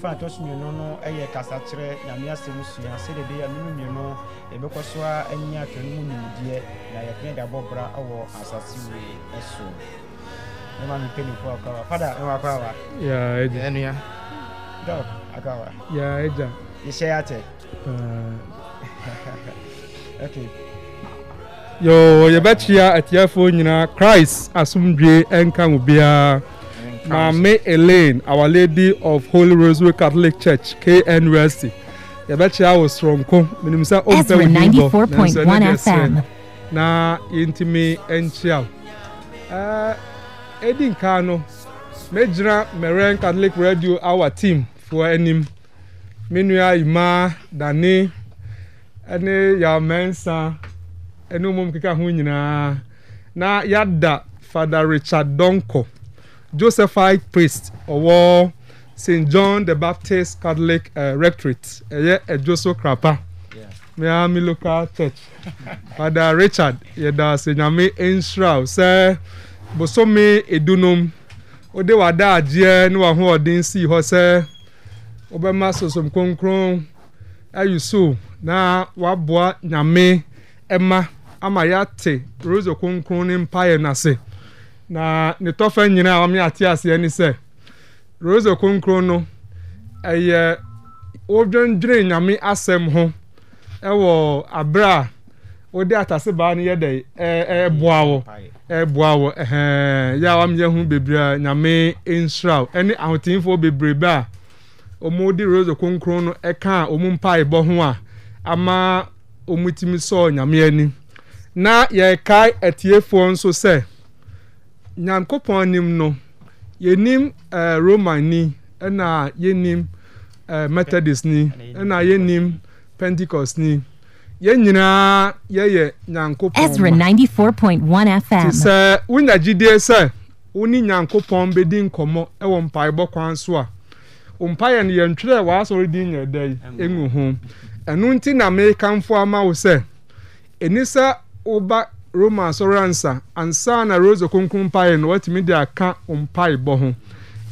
fa atɔ so mmienu no yɛ kasa kyerɛ nyame asɛm sua sɛdeɛ ɛbɛyɛ a menu mmienu yɛbɛkɔ so a ani ahwɛ no mu nimdeɛ na yɛpene de abɔ bra wɔ asase wei so nema me mpanimfoɔ akawa fada ɛwɔ akawa ɛnua dɔk akawa yɛagya yɛhyɛ yɛ atɛ okay yo yɛbɛkyea atiafoɔ nyinaa christ asomdwe ɛnka wo biara maame elaine our lady of holy rosary catholic church knrc yɛbɛkyea wo soronko menim sɛ ompɛ wo nibɔ nanso ɛne deɛ sɛ na yɛntumi nkyea wo ɛdi nkaa no mɛgyina mɛrɛn catholic radio our team foɔ anim me nua ima dani. ɛne yamɛnsa ɛne mmom keka ho nyinaa na yada fada richard donko josephite priest ọwọ́ st john the baptist catholic uh, rectorate ẹ̀yẹ ẹ̀jọ́sọ krapa miami local church father richard yẹda senyame enshrau sẹ bosomi edunum ode wada agyeɛ ne wahoɔden sii hɔ sɛ wobɛma sosom kronkron ayi so na waboa nyame ɛma ama yɛate rose kronkron ne mpaeɛ no ase na ne tɔfa nyinaa a ate aseɛ ne sɛ rose kronkron no ɛyɛ nyame asɛm ho ɛwɔ a wode atase baa no yɛdɛ ɛboa wɔ ɛboa wɔ ɛhɛn yɛ a wɔameyɛ ho bebree a nyame nsura ɛne ahoteefoɔ bebrebe a wɔn de rose kronkron no ɛka a wɔn mpaebɔ ho a ama wɔn tumi sɔɔ nyame ani na yɛrekae nso sɛ. nyankopɔn nim no yɛnim uh, eh, roman ni ɛna yɛnim uh, eh, methodist ni ɛna yɛnim pentecost ni yɛn nyinaa yɛyɛ nyankopɔn Ezra 94.1 FM ti sɛ wonya gyidie sɛ wo ne nyankopɔn bɛdi nkɔmmɔ ɛwɔ mpaebɔ kwan so a mpaeɛ no yɛntwerɛ wɔasɔre din nyɛ dɛ ɛgu ho ɛno nti na mekamfo ama wo sɛ ɛni sɛ woba roma asɔre ansa ansa na rose okonkun mpae na watumi de aka mpae bɔ ho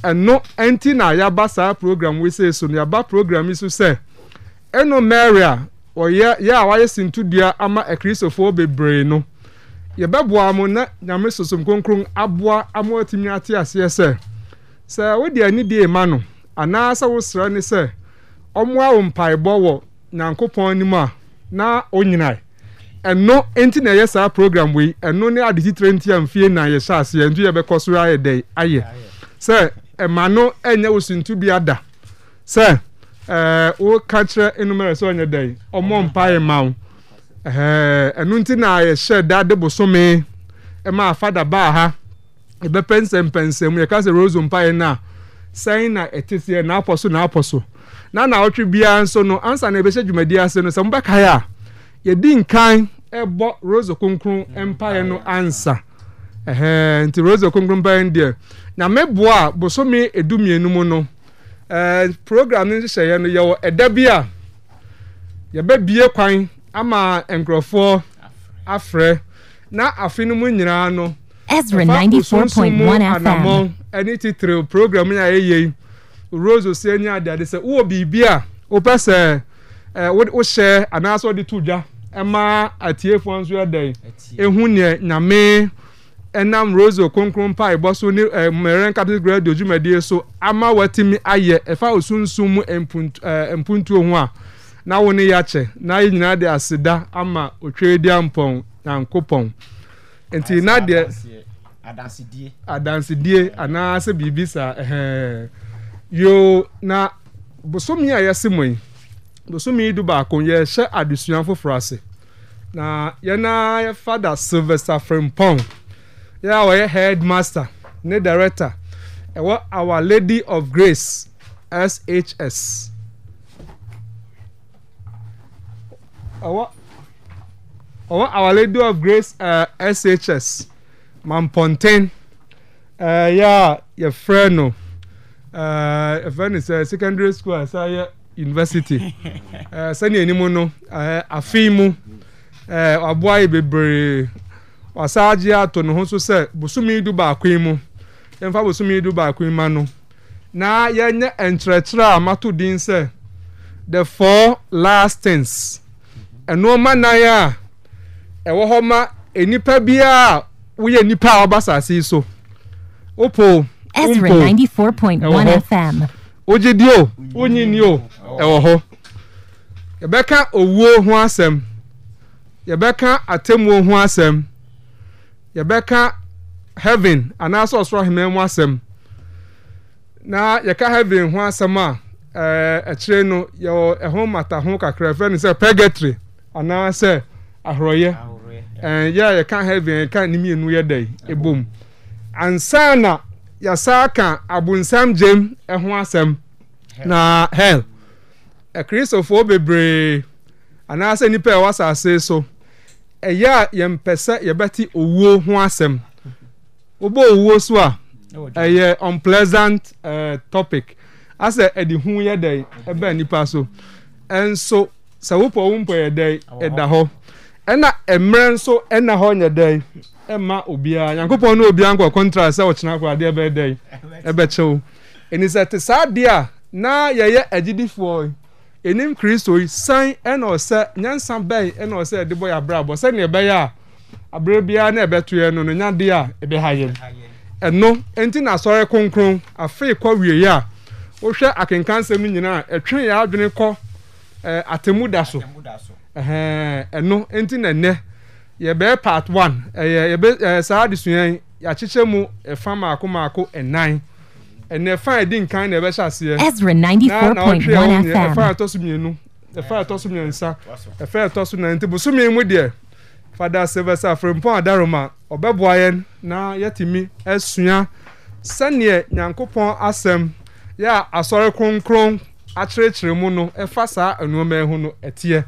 ɛno ɛnti na yaba saa program wesee so na yaba program yi so sɛ ɛno mary a ɔyɛ yɛ a wayɛ sintudua ama akristofoɔ bebree no yɛbɛboa mo na nyame sosom kronkron aboa ama watumi ate aseɛ sɛ sɛ wode anidie ma no anaasɛ wosrɛ ne sɛ ɔmmoa wo mpaebɔ wɔ nyankopɔn anim a na onyinae ɛno nti na ɛyɛ saa program wei ɛno ne adegyitire nti a mfie na yɛhyɛ aseɛ nti yɛbɛkɔ so ayɛ dɛ ayɛ sɛ ɛma no ɛnyɛ wosuntu bi ada sɛ ɛɛ woka kyerɛ enumere sɛ ɔnyɛ dɛn ɔmɔ mpa yɛ ma wo ɛɛ ɛno nti na yɛhyɛ da de bosome ɛma afada baa ha ɛbɛpɛ nsɛmpɛnsɛm yɛka sɛ rose mpa yɛ na sɛn na ɛte seɛ na apɔ so na apɔ so na na ɔtwe biara nso no ansa na ɛbɛhyɛ dwumadie ase no sɛ mo bɛka yɛ a. yɛdi nkan ɛbɔ rose okunkun Empire no ansa ɛhɛn nti rose okunkun mpaeɛ no deɛ na mɛboa a bosomi edu mmienu mu no ɛɛ program no nhyehyɛeɛ no yɛwɔ ɛda bi a yɛbɛbie kwan ama nkurɔfoɔ afrɛ na afi no mu nyinaa no Ezra 94.1 FM ɛne titiri program yi a yɛyɛ yi rose osie ni adeade sɛ wowɔ biribi a wopɛ sɛ ɛɛ wohyɛ anaasɛ wɔde to dwa. ɛma atiefoɔ nso ɛdɛn ehu nea nyame ɛnam rose okonkron paa ɛbɔ so ne ɛɛ eh, mɛrɛn catholic radio dwumadie so ama wɔtumi ayɛ ɛfa osunsun mu mpunt ɛɛ eh, mpuntuo ho a na wɔn ne yɛ akyɛ na yɛ nyinaa de aseda ama otwere di ampɔn nanko pɔn nti na deɛ adansidie adansidie anaasɛ biribi saa ɛhɛn yoo na bosomi a yɛsi mo yi. bosome yi du baako yɛhyɛ adesua foforɔ ase na yɛna yɛfa da sylvester frimpong yɛ a wɔyɛ headmaster ne director ɛwɔ our lady of grace shs ɛwɔ ɔwɔ our lady of grace uh, shs mampɔnten ɛyɛ uh, a yɛfrɛ no ɛɛ uh, yɛfrɛ no secondary school a sɛ yɛ university sɛnea eh, anim no eh, afei eh, aboa yɛ bebree wasa ato ne ho so sɛ bosome du baako yi mu yɛmfa bosome du baako yi ma no na yɛnyɛ nkyerɛkyerɛ a mato din sɛ the four last things ɛnoɔma nan a ɛwɔ hɔ ma nipa biara woyɛ nipa a wɔba asase yi so wopo mpo ɛwɔ hɔ wogye di o wonyi ni o ɛwɔ hɔ yɛbɛka owuo ho asɛm yɛbɛka atemmuo ho asɛm yɛbɛka heaven anaasɛ ɔsoro ahemman mu asɛm na yɛka heaven ho asɛm a ɛkyerɛ no yɛwɔ ɛho mata ho kakra fɛ no sɛ purgatory anaasɛ ahorɔyɛ ɛn yɛ yɛka heaven yɛka ne mmienu yɛ dɛ ebom ansa na yasa ka abonsam gyem ho asɛm na hell akristofoɔ bebree anaasɛ nipa a ɛwɔ asase so ɛyɛ a yɛmpɛ sɛ yɛbɛte owuo ho asɛm wobɔ owuo so a ɛyɛ unpleasant uh, topic asɛ ɛde hu yɛ dɛn ɛbɛn nipa so ɛnso sɛ wopɔ wo mpɔ yɛ dɛn ɛda hɔ ɛna mmerɛ nso ɛna hɔ nyɛ dɛn ɛma obiara nyankopɔn ne obiara nkɔ contract sɛ ɔkyena kɔ adeɛ bɛyɛ dɛ ɛbɛkyɛw ɛni sɛ te saa adeɛ a na yɛyɛ agyidifoɔ yi, enim kristo yi san ɛna ɔsɛ nyansa bɛn ɛna ɔsɛ ɛde bɔ yɛ abrabɔ sɛnea ɛbɛyɛ a abere biara na ɛbɛto yɛ no no nya adeɛ a ɛbɛha yɛn ɛno ɛnti na asɔre kronkron afei kɔ wie a wohwɛ akenkansɛm no nyinaa ɛtwe yɛ adwene kɔ ɛɛ atemu da so ɛhɛn ɛno ɛnti na ɛnɛ yɛbɛyɛ part one ɛyɛ yɛbɛ ɛɛ saa adesua yi yɛakyekyɛ mu ɛfa mako mako ɛnan ɛnna ɛfa a yɛdi nkan na ɛbɛhyɛ aseɛ. Ezra ninety four point one FM ɛfa ɛtɔ so mmienu ɛfa ɛtɔ so mmiɛnsa ɛfa ɛtɔ so nante bosome mu deɛ fada silvester afrempɔn adaroma ɔbɛboa yɛn na yɛtumi ɛsua sɛneɛ nyankopɔn asɛm yɛ a asɔre kronkron akyerɛkyerɛ mu no ɛfa saa nneɛma yi ho no ɛteɛ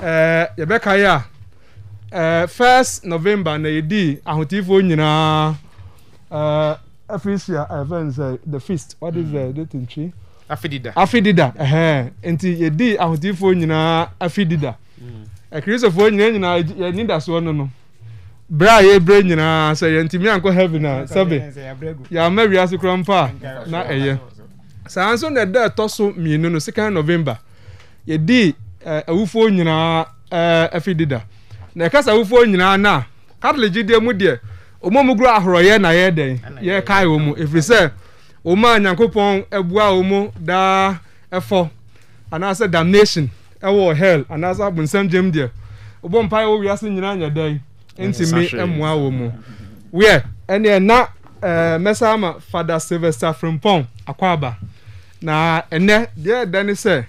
ɛɛ yɛbɛka yɛ a. 1st eh, november na-edi ahụta ifo nyinaa efisia eh, evans eh, the feast what is mm. the date in chi afidida afidida nti yedi ahụta ifo nyinaa afidida mm. ekristofo nyinaa nyinaa ya nida soɔ no bere a yɛbere nyinaa nti, yɛntumi ankɔ heaven a sɛbe yɛama wiase kora mpa na ɛyɛ saa nso na ɛda ɛtɔ so mmienu no second november yɛdi awufoɔ nyinaa afidida na ɛkasa awofoɔ nyinaa na catholic gyideɛ mu deɛ ɔmo mu goro ahorɔyɛ na yɛ dɛn yɛ kae wɔn mu efiri sɛ ɔmo a nyankopɔn daa ɛfɔ anaasɛ damnation ɛwɔ hell anaasɛ abonsam gyem deɛ wiase nyinaa nyɛ dɛn ɛmoa wɔn wia ɛna ɛɛ eh, mɛsa ama fada sylvester frimpong akwaba na ɛnɛ deɛ ɛda ne sɛ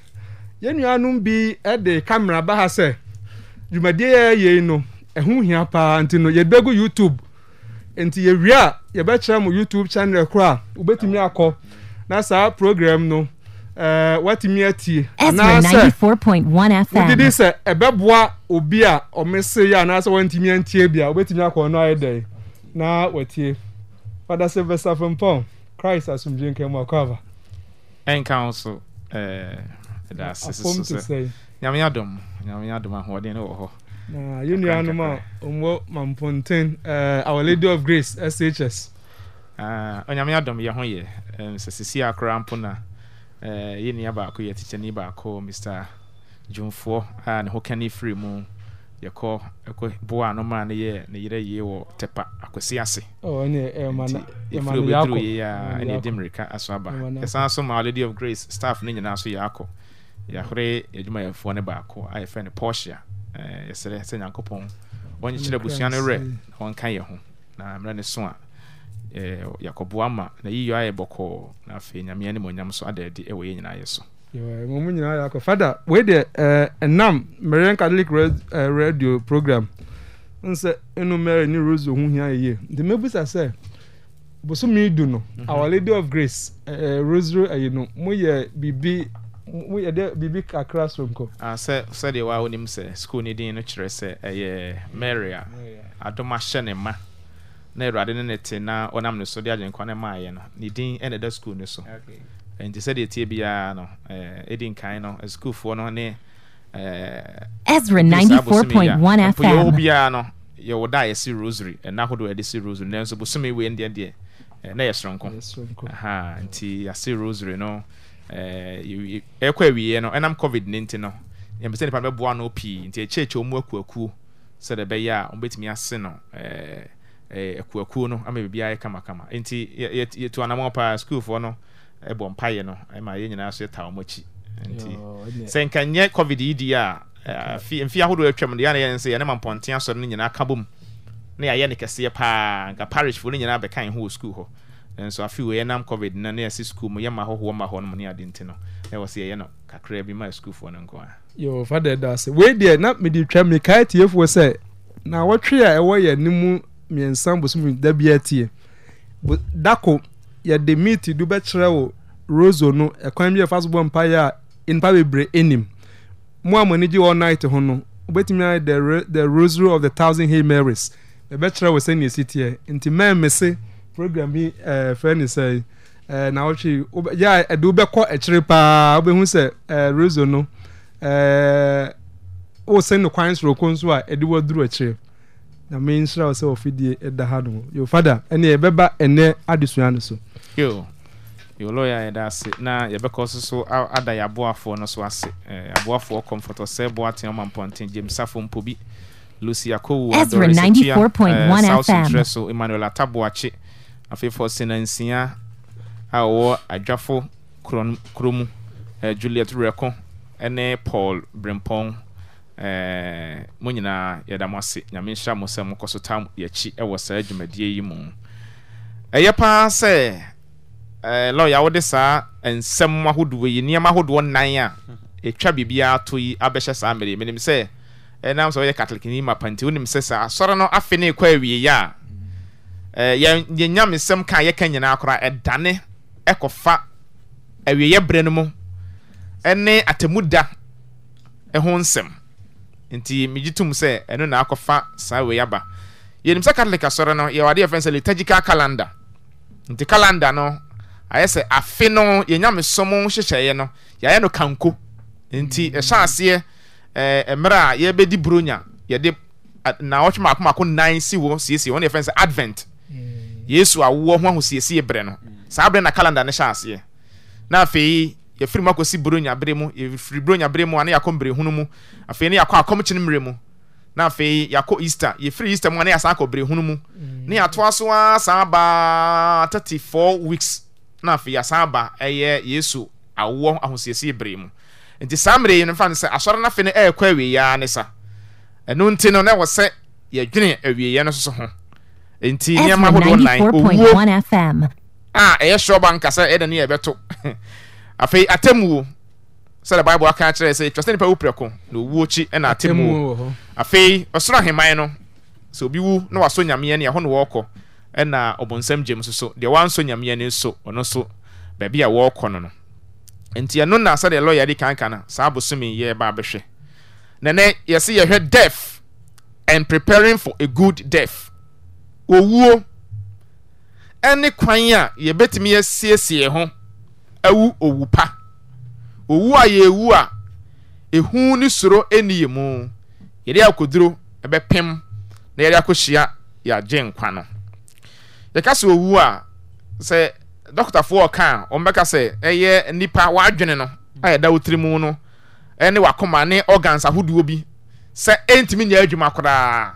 yɛn nuanom bi ɛde kamera ba ha sɛ. dwumadeɛ yɛyei no ho hia paa nti no yɛbɛgu youtube nti yɛwie a yɛbɛkyerɛ m youtube channel koraa wobɛtumi akɔ nasaa program nowatumi eh, atie nwoddi sɛ ɛbɛboa obi a ɔme seyɛ anasɛwntumi antie bia wobɛtumi akɔ no eh, ɛda nasvsafmpa crisasomdeka nyame adom nyame adom ahoɔden no wɔ hɔ na yɛ nuanom a ɔmwɔ mampɔnten eh, our lady of grace shs ɔnyame ah, uh, adom yɛ ho yɛ um, eh, sɛ sesie a koraa mpo na eh, yɛ nua baako yɛ tikyɛni baako mr dwomfoɔ a ne ho kane firi mu yɛkɔ ɛkɔ boa no ma no yɛ ne yerɛ yie wɔ tɛpa akwasi ase ɛfiri obɛduru yei a ɛne ɛdi mmirika aso aba ɛsan so ma lady of grace staff no nyinaa so yɛ akɔ yɛahore adwumayɛfoɔ no baako a yɛfrɛ no portia eh, yɛsrɛ sɛ nyankopɔn wɔnyekyerɛ abusua no werɛ na wɔnka yɛ ho na mmerɛ ne so a eh, ma na yiyɔ ayɛ bɔkɔɔ na afei nyame anim onyam so adaadi ɛwɔ yɛ so nyinaa fada wei deɛ eh, ɛnam catholic program ɛnu mary ne rose hia yie sɛ du no mhm. our lady of grace no woyɛ dɛ biribi kakra soronko ah, sɛ sɛdeɛ wa wonim sɛ school no din no kyerɛ sɛ ɛyɛ mary a adom ahyɛ ne ma na awurade ne ne te na ɔnam ne so de agyenkwa ne maayɛ no ne din ɛna ɛda school no so nti sɛdeɛ tie biara no ɛdi eh, nkan no eh, sukuufoɔ no ne eh, Ezra 94.1 FM. Yɛwɔ biara no yɛwɔ da a yɛsi rosary ɛna ahodoɔ yɛde si rosary nanso bosome wei ndeɛ deɛ na yɛ soronko nti yɛasi rosary no. Eh, ɛkɔ awieɛ no ɛnam covid ne nti no yɛmpɛ sɛ nipa no bɛboa no pii nti ɛkyɛkyɛ ɔmu akuakuo sɛdeɛ ɛbɛyɛ a ɔmubɛtumi ase no eh, eh, akuakuo no ama biribiaa yɛ kamakama nti yɛtu anammɔ paa sukuulfoɔ no ɛbɔ mpayɛ no ɛma yɛn nyinaa so yɛta ɔm akyi nti sɛ nka nyɛ covid yi di a mfi ahodoɔ atwam no yɛna yɛn sɛ yɛne ma mpɔnten asɔre no nyinaa ka bom na yɛayɛ no kɛseɛ paa nka parishfoɔ no nyinaa bɛka yɛn ho wɔ sukuul hɔ nso afei wɔ yɛnam covid na na yɛsi sukuu mu yɛma hɔhoɔ ma hɔnom ne ade nti no na ɛwɔ sɛ yɛyɛ no kakra bi ma sukuufoɔ no nko a yo fa dɛ da wei deɛ na mede twa mekae tiefoɔ sɛ na wɔtwe a ɛwɔ yɛ ne mu mmiɛnsa bosom da bi atie dako yɛde meat du bɛkyerɛ wo roso no ɛkwan bi yɛfa so bɔ mpaeɛ a nnipa bebree anim mo a mo ani gye all night ho oh, no wobɛtumi ayɛ the rosary of the thousand hay marys ɛbɛkyerɛ wo sɛnea ɛsi teɛ nti mɛmmese program bi ɛɛ eh, fɛn ne sɛ ɛɛ eh, na ɔtwi yɛ a ɛde wobɛkɔ akyire paa wobɛhu sɛ ɛɛ eh, rezo no ɛɛ wosɛn no kwan soroko nso a ɛde wɔduru akyire na menhyira wo sɛ wɔfidie ɛda ha no yo fada ɛne yɛbɛba ɛnɛ adesua no so yo yɛlɔyɛ yɛda ase na yɛbɛkɔ so so ada yɛ aboafoɔ no so ase aboafoɔ kɔmfɔtɔ sɛ boate ɔma mpɔnten gyemsafo mpo bi lucy akowu adɔresɛtua south interest so emmanuel ataboakye afei fɔsena nsia a wɔwɔ adwafo kuro mu juliet rɛko ne paul brempɔn eh, mo nyinaa yɛda mo ase nyame nhyira mo sɛ mokɔ so tam yɛakyi wɔ saa dwumadie yi mu ɛyɛ paa sɛ eh, lɔya wode saa nsɛm ahodoɔ yi nneɛma ahodoɔ nan a ɛtwa biribiara to yi abɛhyɛ saa mmere menim sɛ ɛnam sɛ woyɛ catholicni ma panti wonim sɛ saa asɔre no afe ne ɛkɔ awieeɛ a Eh, yanyame sɛm ka yɛka nyinaa kora ɛdane kɔfa wiyɛ berɛ no mu n mudactrgical caldam hyeyɛɛ no ɛ no kanko i sɛseɛmɛɛan sfsɛ advent yesu awoɔ ho ahosiesie berɛ no saa berɛ na calendar ne hyɛ aseɛ na afei yɛfiri mu akɔsi buronya berɛ mu yɛfiri buronya berɛ mu ane yɛakɔ mberehunu mu afei ne yɛakɔ akɔmkyene mmerɛ mu na afei yɛakɔ easter yɛfiri easter mu ane yɛasan akɔ mberehunu mu mm. ne yɛatoa so a saa baa 34 weeks na afei yɛasan aba ɛyɛ yesu awoɔ ahosiesie berɛ mu nti saa mmerɛ yi no fa no sɛ asɔre no afe no ɛɛkɔ awieyaa ne sa ɛno nti no na ɛwɔ sɛ yɛdwene awieeɛ no soso ho nti nneɛma ahodoɔ nan owuo a ah, ɛyɛ sɔrɔba nkasa ɛna ne yɛ bɛto afei atemuo sɛdeɛ baibu aka akyerɛ sɛ twɛsɛ nipa wopirɛko na owuo kyi ɛna atemuo afei ɔsoro aheman no sɛ obi wu na wasɔ nyameɛ ne ɛhɔ na wɔɔkɔ ɛna ɔbɔnsɛm gyem soso deɛ wansɔ nyameɛ ne nso ɔno so baabi a wɔɔkɔ no no nti ɛno na sɛdeɛ lɔya de kankana saa abosomi yɛ ba abɛhwɛ nɛnɛ yɛsi yɛhwɛ death and preparing for a good death owuo ne kwan a yɛbɛtumi yɛsiesie ho awu owu pa owu a yɛwu a ehu ne soro ni mu yɛde akoduro ɛbɛpem na yɛde akɔhyia yɛagye nkwa no yɛka sɛ owu a sɛ dɔkotafoɔ ɔka a ɔmbɛka sɛ ɛyɛ nipa wadwene no a yɛda wo mu no ɛne wakoma ne organs ahodoɔ bi sɛ ɛntumi nyɛ adwuma koraa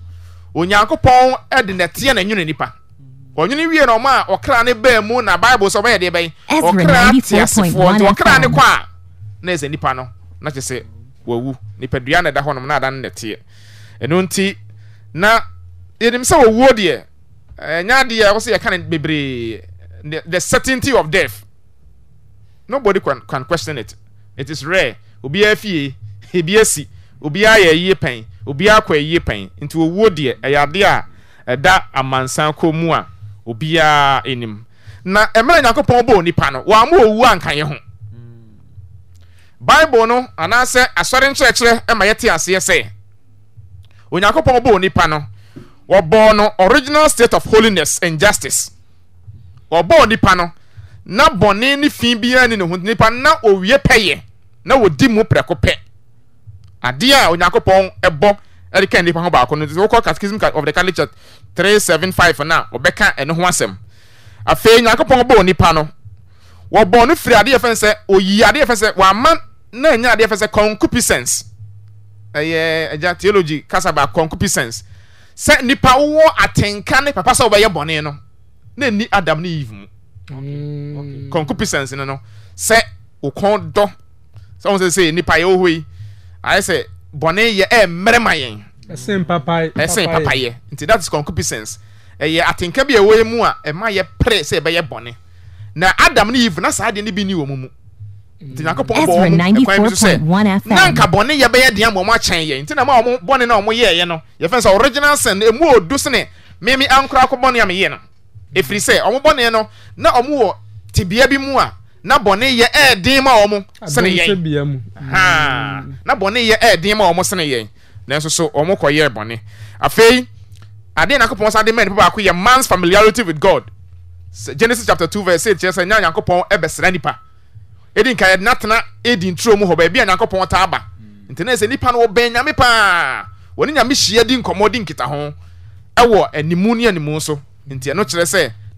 onyankopɔn de noteɛ nonwene nipa ɔwene wie no ɔma a ɔkra ne baa mu na bible sɛ ɔbɛyɛ deɛ bɛ ɔkra te sefoɔntiɔkra ne kɔ anim sɛ wɔwuo deɛadeɛwɔ sɛyɛkanebebthe int f dathebsi obiara yɛ yie pɛn obiara kɔ yie pɛn nti owuo deɛ ɛyɛ adeɛ a ɛda amansan kɔn mu a obiara anim na mmerɛ nyankopɔn bɔ onipa no wɔn amu owu anka yɛ ho bible no anaasɛ asɔre nkyerɛkyerɛ ɛma yɛte aseɛ sɛ onyankopɔn bɔ onipa no wɔbɔɔ no original state of holiness and justice wɔbɔɔ nipa no na bɔne ne fi biara ne ne ho nipa na owie pɛyɛ na wodi mu prɛko pɛ adeɛ a onyankopɔn ɛbɔ ɛde ka nnipa ho baako no wokɔ catechism of the catholic church three seven five na ɔbɛka ɛno ho asɛm afei nyankopɔn bɔ onipa no wɔbɔ no firi adeɛ fɛn sɛ oyi adeɛ fɛn sɛ wama na ɛnya adeɛ fɛn sɛ concupiscence ɛyɛ ɛgya theology kasa ba concupiscence sɛ nipa wɔ atenka ne papa sɛ wɔbɛyɛ bɔnee no na ni adam ne eve mu mm. concupiscence no no sɛ okɔn dɔ sɛ wɔn sɛ sɛ nipa yɛ wɔ ayɛ sɛ bɔne yɛ ɛmmerɛ ma yɛn ɛsen papaye ɛsen papaye nti that is concupiscence ɛyɛ atenka bi a ɛwɔ mu a ɛma yɛ pere sɛ ɛbɛyɛ bɔne na adam ne eve na saa adeɛ no bi ni wɔ mu mu nti nyankopɔn bɔ wɔn ɛkwan bi so sɛ na nka bɔne yɛ bɛyɛ deɛ wɔn akyɛn yɛ nti na ma wɔn bɔne na wɔn yɛɛyɛ no yɛfɛ sɛ original sin emu odu sene mimi ankora akɔ bɔne a no efiri sɛ wɔn bɔne no na wɔn wɔ tibea bi mu a na bɔne yɛ ɛɛden ma wɔn sene yɛn na bɔne yɛ ɛɛden ma wɔn sene yɛn nanso so wɔn kɔ yɛ bɔne afei adeɛ na akopɔn sade mɛ nipa baako yɛ man's familiarity with god genesis chapter two verse eight kyerɛ sɛ nyɛ nyankopɔn ɛbɛsra nipa edi nka yɛde natena edi nturo mu hɔ baabi a nyankopɔn taa ba ntɛnɛn sɛ nipa no ɔbɛn nyame paa wɔne nyame hyia di nkɔmɔ di nkita ho ɛwɔ animu ne animu so nti ɛno kyerɛ sɛ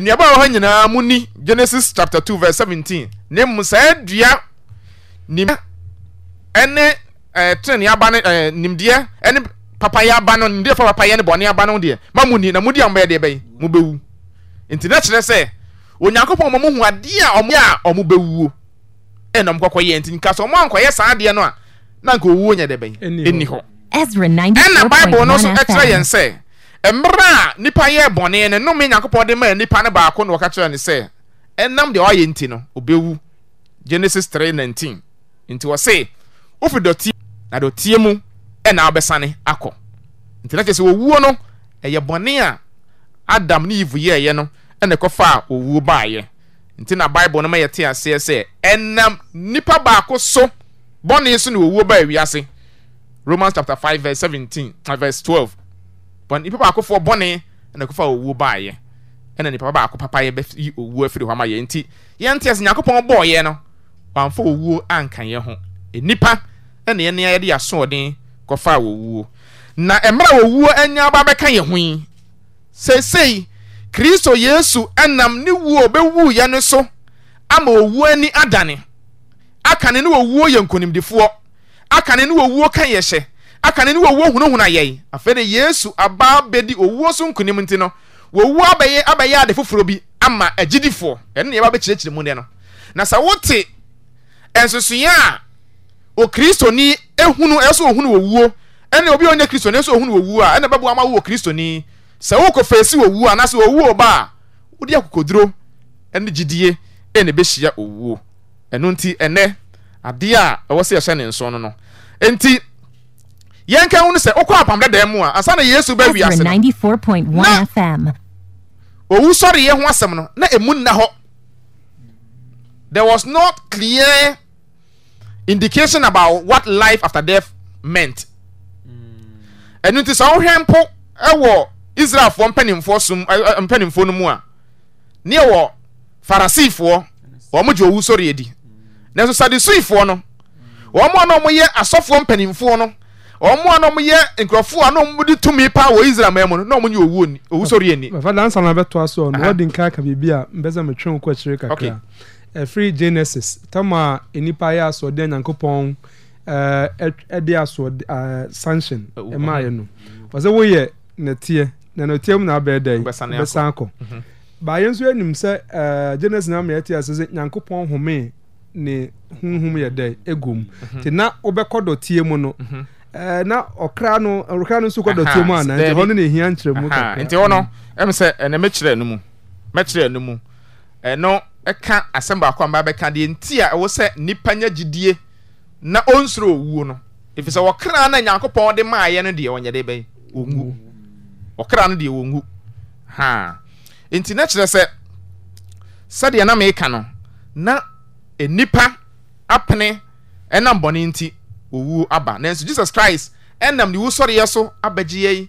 nnuaba wɔha nyinaa mo ni genesis cha217 ne sada kyerɛ sɛ onyankopɔ ma muhu adeɛ ɔmo bɛwɔmo nkɔyɛ saadeɛ no na bible no so kyerɛ yɛ sɛ mmerɛ a nipa yɛ bɔne no nnome nyankopɔn de maa nipa no baako na wɔka kyerɛ ne sɛ ɛnam deɛ ɔayɛ nti no ɔbɛwu genesis 3:19 nti wɔ se wofi dɔteɛ na dɔteɛ mu ɛna akɔ nti na kyerɛ sɛ no ɛyɛ bɔne a adam ne yɛɛyɛ ɛkɔfa a ɔwuo baayɛ nti na bible no ma yɛte ɛnam nipa baako so so na baa awiase romans chapter 5 12 nipa baakofoɔ bɔne na kofa owu baayɛ ɛna nipa baako papayɛ bɛyi owuo afiri hɔ ama yɛn nti yɛnte ase nyankopɔn bɔɔyɛ no wamfa owu anka yɛn ho nipa ɛna yɛn nan yɛde asoɔden kɔfa owu na mmerɛ owu anya aba bɛka yɛn ho seesei kristo yesu ɛnam ne wuo bɛwu yɛn no so ama owu ani adane akane ne owu yɛ nkonimdifoɔ akane ne owu ka yɛ hyɛ aka ne ne wɔ wuo hunahuna yɛn yesu abaa bedi owuo so nkunim nti no wɔwu abɛyɛ abɛyɛ ade foforɔ bi ama agyidifoɔ ɛno na yɛba bɛkyerɛkyerɛ mu deɛ no na sɛ wote nsosoyɛ a okristoni ehunu ɛso ohunu wɔ wuo ɛna obi a onye kristoni ɛso ohunu wɔ wuo a ɛna bɛbu ama wo wɔ kristoni sɛ wokɔ fɛsi wɔ anaasɛ wɔ ba a wodi akokoduro ɛne gyidie ɛna ebehyia owuo ɛno nti ɛnɛ adeɛ a ɛwɔ sɛ yɛhyɛ ne nson no no nti yɛka hu no sɛ wokɔ pam reda mu a asana yesubs wu sɔreɛ ho asɛm no na ɛmu nna hɔ trwas no clear indicaion abou wha lif afe eath ɛo sɛ wowɛ mp wɔisraelfoɔfoɔomuneɛwɔ fariseefoɔɔmgyew sɔreɛ d saduseefoɔ no ɔmanomyɛ asɔfoɔ mpanimfoɔ no ɔmo a n'ɔmo yɛ nkurɔfoɔ a n'ɔmo de tumi paa wɔ israel mɛmo no n'ɔmo nye owu ni owu sori ani. na bɛ to ɔno nka aka a mbɛsɛ mɛtwe nkɔ akyire kakra ɛfiri eh, genesis tam a nipa yɛ ɛde sanction eh, yɛ uh-huh. no wɔsɛ nɛteɛ na nɛteɛ mu na abɛɛ dɛ bɛsan akɔ baayɛ nso anim sɛ eh, genesis na mɛ ɛte ase sɛ nyankopɔn homee ne huhum yɛ dɛ egum mhm. te na wobɛkɔ dɔteɛ mu no. Mhm. Eh, na ɔkra no ɔkra no nso kɔ dɔtɔ mu ana nti hɔ no na ehia nkyerɛmu kakra nti hɔ no ɛmu sɛ ɛna eh, mɛkyerɛ no mu mɛkyerɛ no mu ɛno eh, ɛka asɛm baako a mbɛka deɛ nti a ɛwɔ sɛ nipa nya gyidie na ɔnsoro owuo no efisɛ wɔkra na nyankopɔn de maa yɛ no deɛ ɔnyɛ de bɛyɛ ongu wɔkra no deɛ ongu haa nti na kyerɛ sɛ sɛdeɛ na mɛka no na nipa apene ɛnam bɔne nti owu aba nanso jesus christ ɛnam ne wusɔreɛ so abɛgye yɛn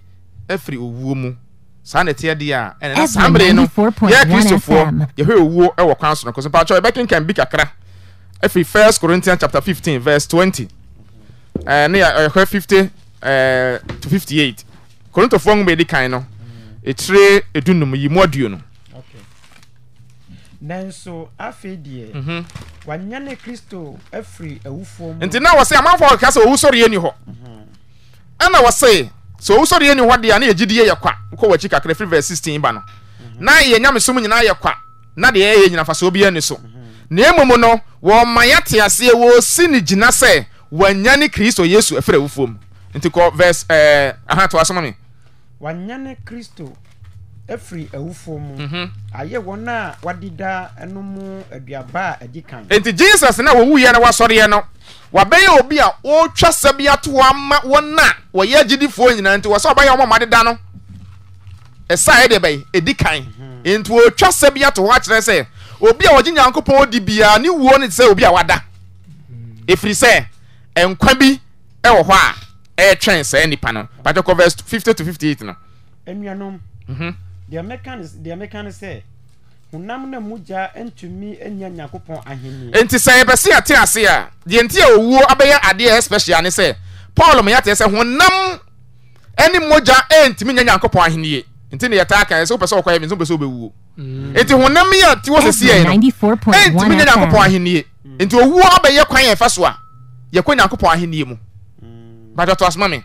afiri owuo mu saa na ɛteɛ deɛ a ɛnɛ na saa mmere no yɛ kristofoɔ yɛhwɛ owuo ɛwɔ kwan so no kɔsɛ mpatsɛ ɛbɛkenkan bi kakra afiri first corinthians chapter fifteen verse twenty ɛɛ yɛ ɛhwɛ fifty to fifty korintofoɔ nwoma edi kan no etire edunum yi mu aduonu. Mhm. knti na wɔse mafa ka sɛ ɔw sɔreɛ ni hɔ mhm. na ɔse sɛɔw sɔre ni hɔ dene ɛgydi yɛ yɛka16bnn yɛ nyamesom nyinaayɛkwandɛɛɛninsnsna mhm. momu no wɔmayɛ teaseɛ wɔrsi ne gyina sɛ wanya ne kristo yesu afiri awufuomnti efiri awufoɔ mu mhm. ayɛ wɔn a wadida ɛnum aduaba a ɛdi kan. nti jesus na wɔwu yɛ no wasɔre yɛ no wabɛyɛ obi a ɔretwa sɛbi ato ama wɔn a wɔyɛ agyidifoɔ nyinaa nti wɔsɛ ɔbɛyɛ wɔn a wɔadeda no ɛsa yɛ de bɛyɛ ɛdi kan mhm. nti ɔretwa sɛbi ato hɔ akyerɛ sɛ obi a wɔgye nyankopɔn di biara ne wuo ne sɛ obi a wada mhm. ɛfiri sɛ nkwa bi ɛwɔ hɔ a ɛyɛ sɛ nipa no pàtɛkɔ verse fifty to fifty eight no. enuanom. Mm -hmm deɛ mɛka eh, ne deɛ mɛka ne sɛ honam na mogya ntumi anya nyankopɔn ahenni. nti sɛ yɛpɛ se ate ase a deɛ nti a owuo abɛyɛ adeɛ special ne sɛ paul mo yɛate sɛ honam ɛne mogya ntumi nya nyankopɔn ahenni nti ne yɛtaa kan sɛ wopɛ sɛ wɔkɔyɛ mi nso sɛ wobɛwuo nti honam yi te wɔ sɛsi no ntumi nya nyankopɔn ahenni nti owuo abɛyɛ kwan yɛn so a yɛkɔ nyankopɔn ahenni mu badɔtɔ asoma mi.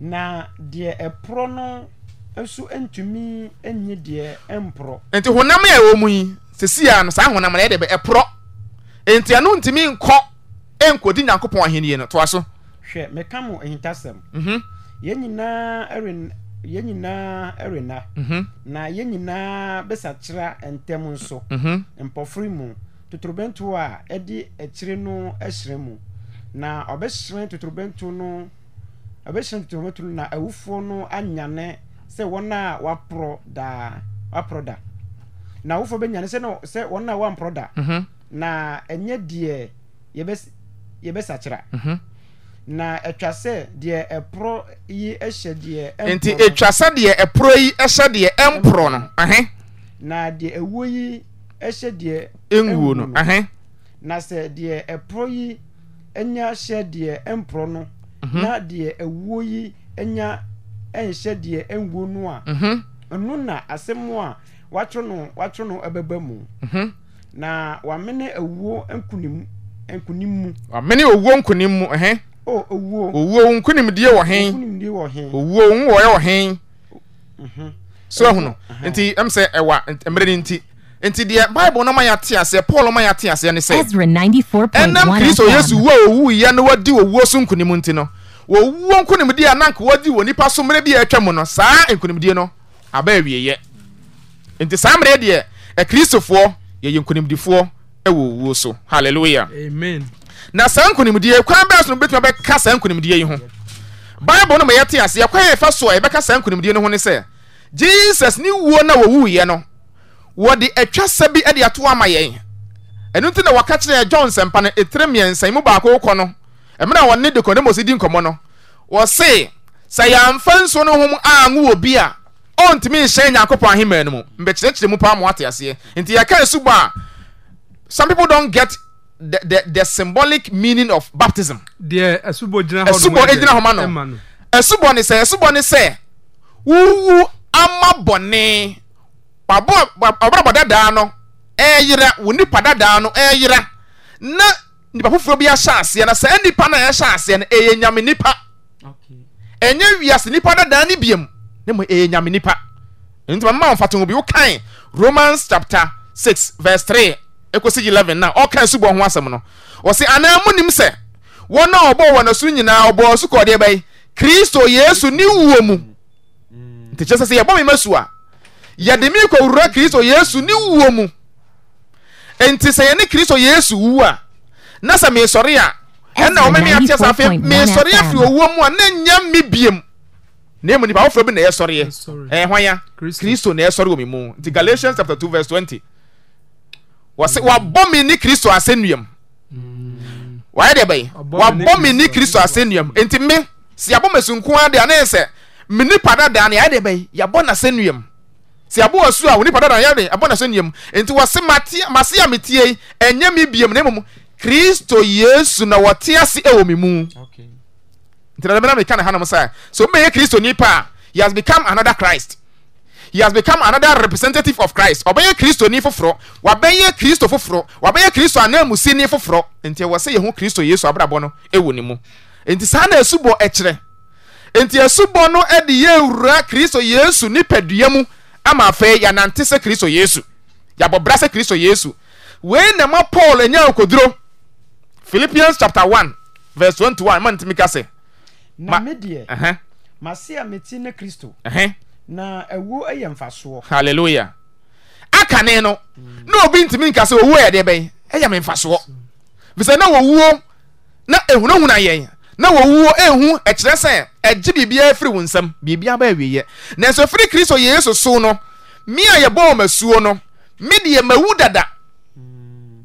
na deɛ ɛporɔ no ɛso ntumi nye deɛ ɛmporɔ. nti honam a ɛwɔ mu yi sisi a saa honam na yɛ de bɛ ɛporɔ nti ɛno ntumi nkɔ nkodi nyankopɔn ahenni no toa so. hwɛ mɛka mo ehintasɛm. Mhm. yɛn nyinaa ɛren yɛn nyinaa ɛrena. Mhm. na yɛn nyinaa bɛsakyera ntɛm nso. Mhm. mpɔfori mu totorobɛnto a ɛde akyire no ɛhyerɛ mu na ɔbɛhyerɛn totorobɛnto no ɔbɛhyerɛn totorobɛnto no na awufoɔ no anyane sɛ wɔn a waporɔ daa waporɔ da na wofoɔ bɛnyane sɛ sɛ wɔn a wamporɔ da mhm. na ɛnyɛ deɛ yɛbɛsakyera mhm. na ɛtwa sɛ deɛ ɛporɔ yi ɛhyɛ deɛ ɛmporɔ nti ɛtwa sɛ deɛ ɛporɔ yi ɛhyɛ deɛ ɛmporɔ no ɛhe na deɛ ɛwuo yi ɛhyɛ deɛ ɛnwuo no ɛhe na sɛ deɛ ɛporɔ yi ɛnya hyɛ deɛ ɛmporɔ no mhm. na deɛ ɛwuo yi ɛnya ɛnhyɛ deɛ ɛngu no a mhm. ɛno na asɛm a watwerɛ no watwerɛ no ɛbɛba mu mhm. na wamene awuo nkunim nkunim mu. wamene owuo nkunim mu ɛhɛn. o owuo. owuo nkunimdie wɔ hɛn. nkunimdie wɔ hɛn. owuo nwɔyɛ wɔ hɛn. Mhm. so ɛhono nti ɛm sɛ ɛwa mmerɛ ni nti nti deɛ bible no ma yɛ ate aseɛ paul ma yɛ ate aseɛ ne sɛ. ɛnam kristo yesu wo owu yɛ no wadi owuo so nkunim nti no. wɔwuo nkonimdie a nanka wɔdi wɔ nipa so mmerɛ bi a ɛtwa mu no saa nkonimdie no aba awieyɛ nti saa mmerɛ deɛ akristofoɔ yɛyɛ nkonimdifoɔ wɔ owuo so halleluya amen na saa nkonimdie kwan bɛɛ so no bɛtumi bɛka saa nkonimdie yi ho bible no ma yɛte ase yɛkwan yɛfa so a yɛbɛka saa nkonimdie no ho ne sɛ jesus ne wuo na wɔwuiɛ no wɔde atwa sɛ bi de ato ama yɛn ɛno nti na wɔka kyerɛ john sɛmpa no ɛtire mmiɛnsa mu baako wokɔ no ɛmɛnɛ wɔn ne de kɔ ne mɔsi di nkɔmɔ no wɔsi sɛ yɛnfa nsuo no ho angu wɔ bi a ɔntumi nhyɛn nyakopɔn ahemmaa no mu mbɛkyerɛkyerɛ mu paa mo ate aseɛ nti yɛka esu a some people don't get the the the symbolic meaning of baptism. deɛ ɛsubɔ gyina hɔ ɛsubɔ gyina hɔ ma no ɛsubɔ ni sɛ ɛsubɔ ne sɛ wuwu ama bɔne wabɔ wabrabɔ dadaa no ɛɛyera wo nipa dadaa no ɛɛyera na. a oro ɛsaa ɛs o ya nia yɛ se nipa nnsɛ yi kstoyu ne amia kristo ysu ne mu ti sɛyɛne kristo yesu wua na sɛ mesɔre a ɛna ɔma me ateɛ sɛ afei mesɔre afi owuo mu a na nya me biem na mu nipa afoforɔ bi na ɛyɛ sɔreɛ ɛyɛ ya kristo na ɛsɔre wɔ me mu nti galatians chapter two verse twenty wɔsi mm. wabɔ mi ni kristo asɛnnuam mm. wayɛ deɛ bɛyi wabɔ mi ni kristo asɛnnuam nti mi si abɔ mesunko adeɛ ne sɛ mi nipa dada ne ayɛ deɛ bɛyi yabɔ n'asɛnnuam si abo wa su a wo nipa dada yɛ de abɔ n'asɛnnuam nti wɔsi mate mase a mi yi ɛnyɛ mi biem na emu kristo yesu na wɔte ase wmi muayɛ kristo nip ehas become anoter cist ehas become anothe representative of istoi ofrɔyɛ kristo fofrrɛtsuɔ o dewra kristo yes nam pau philippians chapter one verse twenty one mmanụ ntumi kasị. na mme deɛ ma se a meti na kristo na ewuo yɛ mfasoɔ. hallelujah aka ne no na obi ntumi nkasa owuo yɛ deɛ bɛn ɛyɛ me mfasoɔ bisɛ na wɔwuo na ehunahuna yɛn na wɔwuo ehu ɛkyerɛ sɛ ɛgye biribiara firi wɔn nsam biribiara bɛyɛ wiyɛ na nso firi kristo yesu so no mmea yɛbɔ wɔn asuo no mmea deɛ mɛwu dada.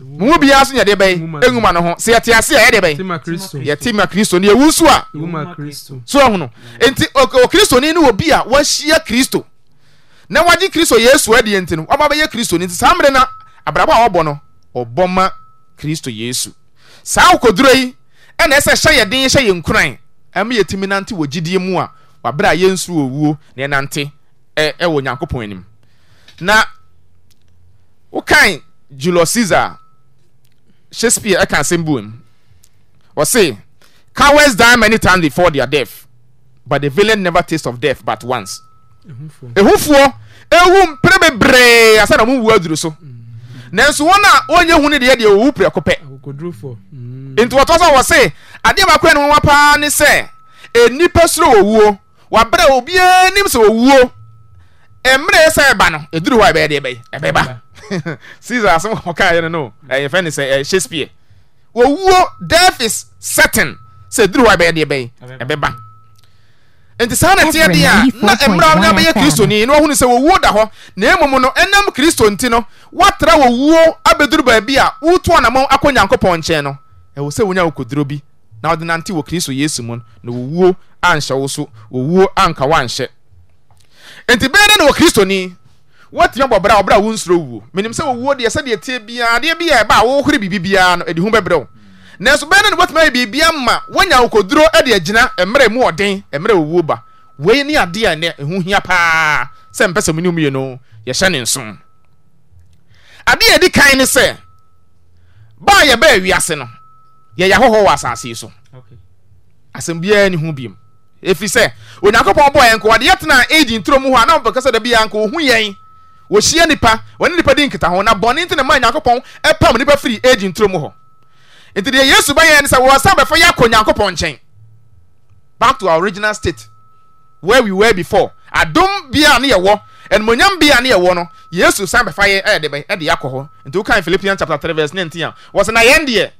mu mu biara so yɛde bɛyi enwuma no ho sɛ yɛte ase a yɛde bɛyi yɛte ma kristo ni ewu nso a so ɔhono nti okristo ni ne wɔ bi a wɔahyia kristo na wagye kristo yesu adiɛ nti no wɔba bɛyɛ kristo ni nti saa mmere na abrabɔ a wɔbɔ no ɔbɔ ma kristo yesu saa okoduro yi ɛna ɛsɛ hyɛ yɛ den hyɛ yɛ nkuran ɛmu yɛtumi nante wɔ gyidie mu a wabere a yɛnsu wɔ wuo na ɛnante ɛwɔ nyankopɔn anim na wokan julius caesar shakespeare ɛka asɛm bu mu wɔse cowards die many times before their death but the villain never taste of death but once ehufuo ewu mpere bebree asa na ɔmo wu aduru so mm. nanso wɔn a wɔnyɛ hu ne deɛ deɛ owu pere kɔpɛ mm. nti wɔtɔ so wɔse adeɛ baako yɛ ne nwa paa ne sɛ e enipa soro owuo wabere obiara anim sɛ owuo e mmerɛ yɛ sɛ ɛba no eduru hɔ a ɛbɛyɛ e deɛ ɛbɛyɛ ɛbɛba. sar saɛɛ saspeare ɛwu iɛyɛ kristoni sɛ w da hɔ na na kristo nti no watra w bɛuru baabi otna kɔ nyankopɔ kyɛ o nakrisoi wɔtumi bɔ bra ɔbra wo nsoro wuo menim sɛ wɔwuo deɛ sɛdeɛ tie biara adeɛ bi a ɛba a wɔhore biribi biara no ɛde ho bɛbrɛ wo nanso bɛɛ no ne wɔtumi ayɛ biribia ma wɔnya awokoduro de agyina mmerɛ mu ɔden mmerɛ wɔwuo ba wei ne adeɛ a nɛ ɛho hia paa sɛ mpɛ sɛ mu ne mu yɛ no yɛhyɛ ne nso adeɛ a ɛdi kan ne sɛ baa yɛbɛɛ wiase no yɛyɛ ahɔhɔ wɔ asase yi so asɛm biara ne ho biom ɛfiri sɛ onyankopɔn bɔɔ yɛn nkɔ ɔde yɛtena age nturo mu hɔ a na ɔmpɛkɛ sɛ da bi yɛ anka ɔhu yɛn wɔhyia nipa wɔne nipa di nkita ho na bɔne nti na ma nyankopɔn ɛpam nipa firi edi nturo mu hɔ nti deɛ yesu bɛyɛ ne sɛ wɔwɔ san bɛfa yɛ akɔ nyankopɔn nkyɛn back to our original state where we were before adom bia ne yɛwɔ ɛnumonyam bia ne yɛwɔ no yesu san bɛfa yɛ ɛyɛ de bɛ ɛde akɔ hɔ nti wo kan philippians chapter three verse nineteen a wɔsɛ na yɛn deɛ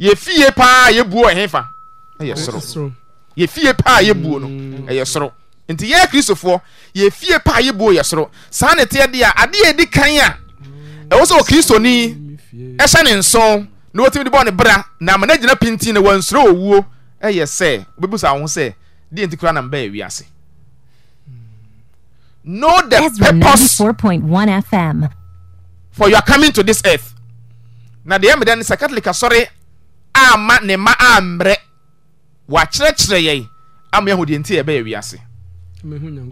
yɛfie paa yɛbuo ɛhefa ɛyɛ soro yɛfie paa yɛbuo no mm. ɛyɛ soro nti yɛ kristofoɔ yɛ fie pa a yɛbuo yɛ soro saa ne teɛ deɛ adeɛ edi kan a ɛwɔ sɛ okristoni ɛhyɛ ne nson na wɔtumi de bɔ ne bra na ama n'agyina pintin na wɔnsoro owuo ɛyɛ sɛ obebu saa ho sɛ deɛ nti kura na mbɛ ewi ase know the purpose FM. for your coming to this earth na deɛ mmeda ne sɛ catholic asɔre ama ne ma ammerɛ wɔakyerɛkyerɛ yɛn ama yɛn ho deɛ nti yɛbɛyɛ ewi ase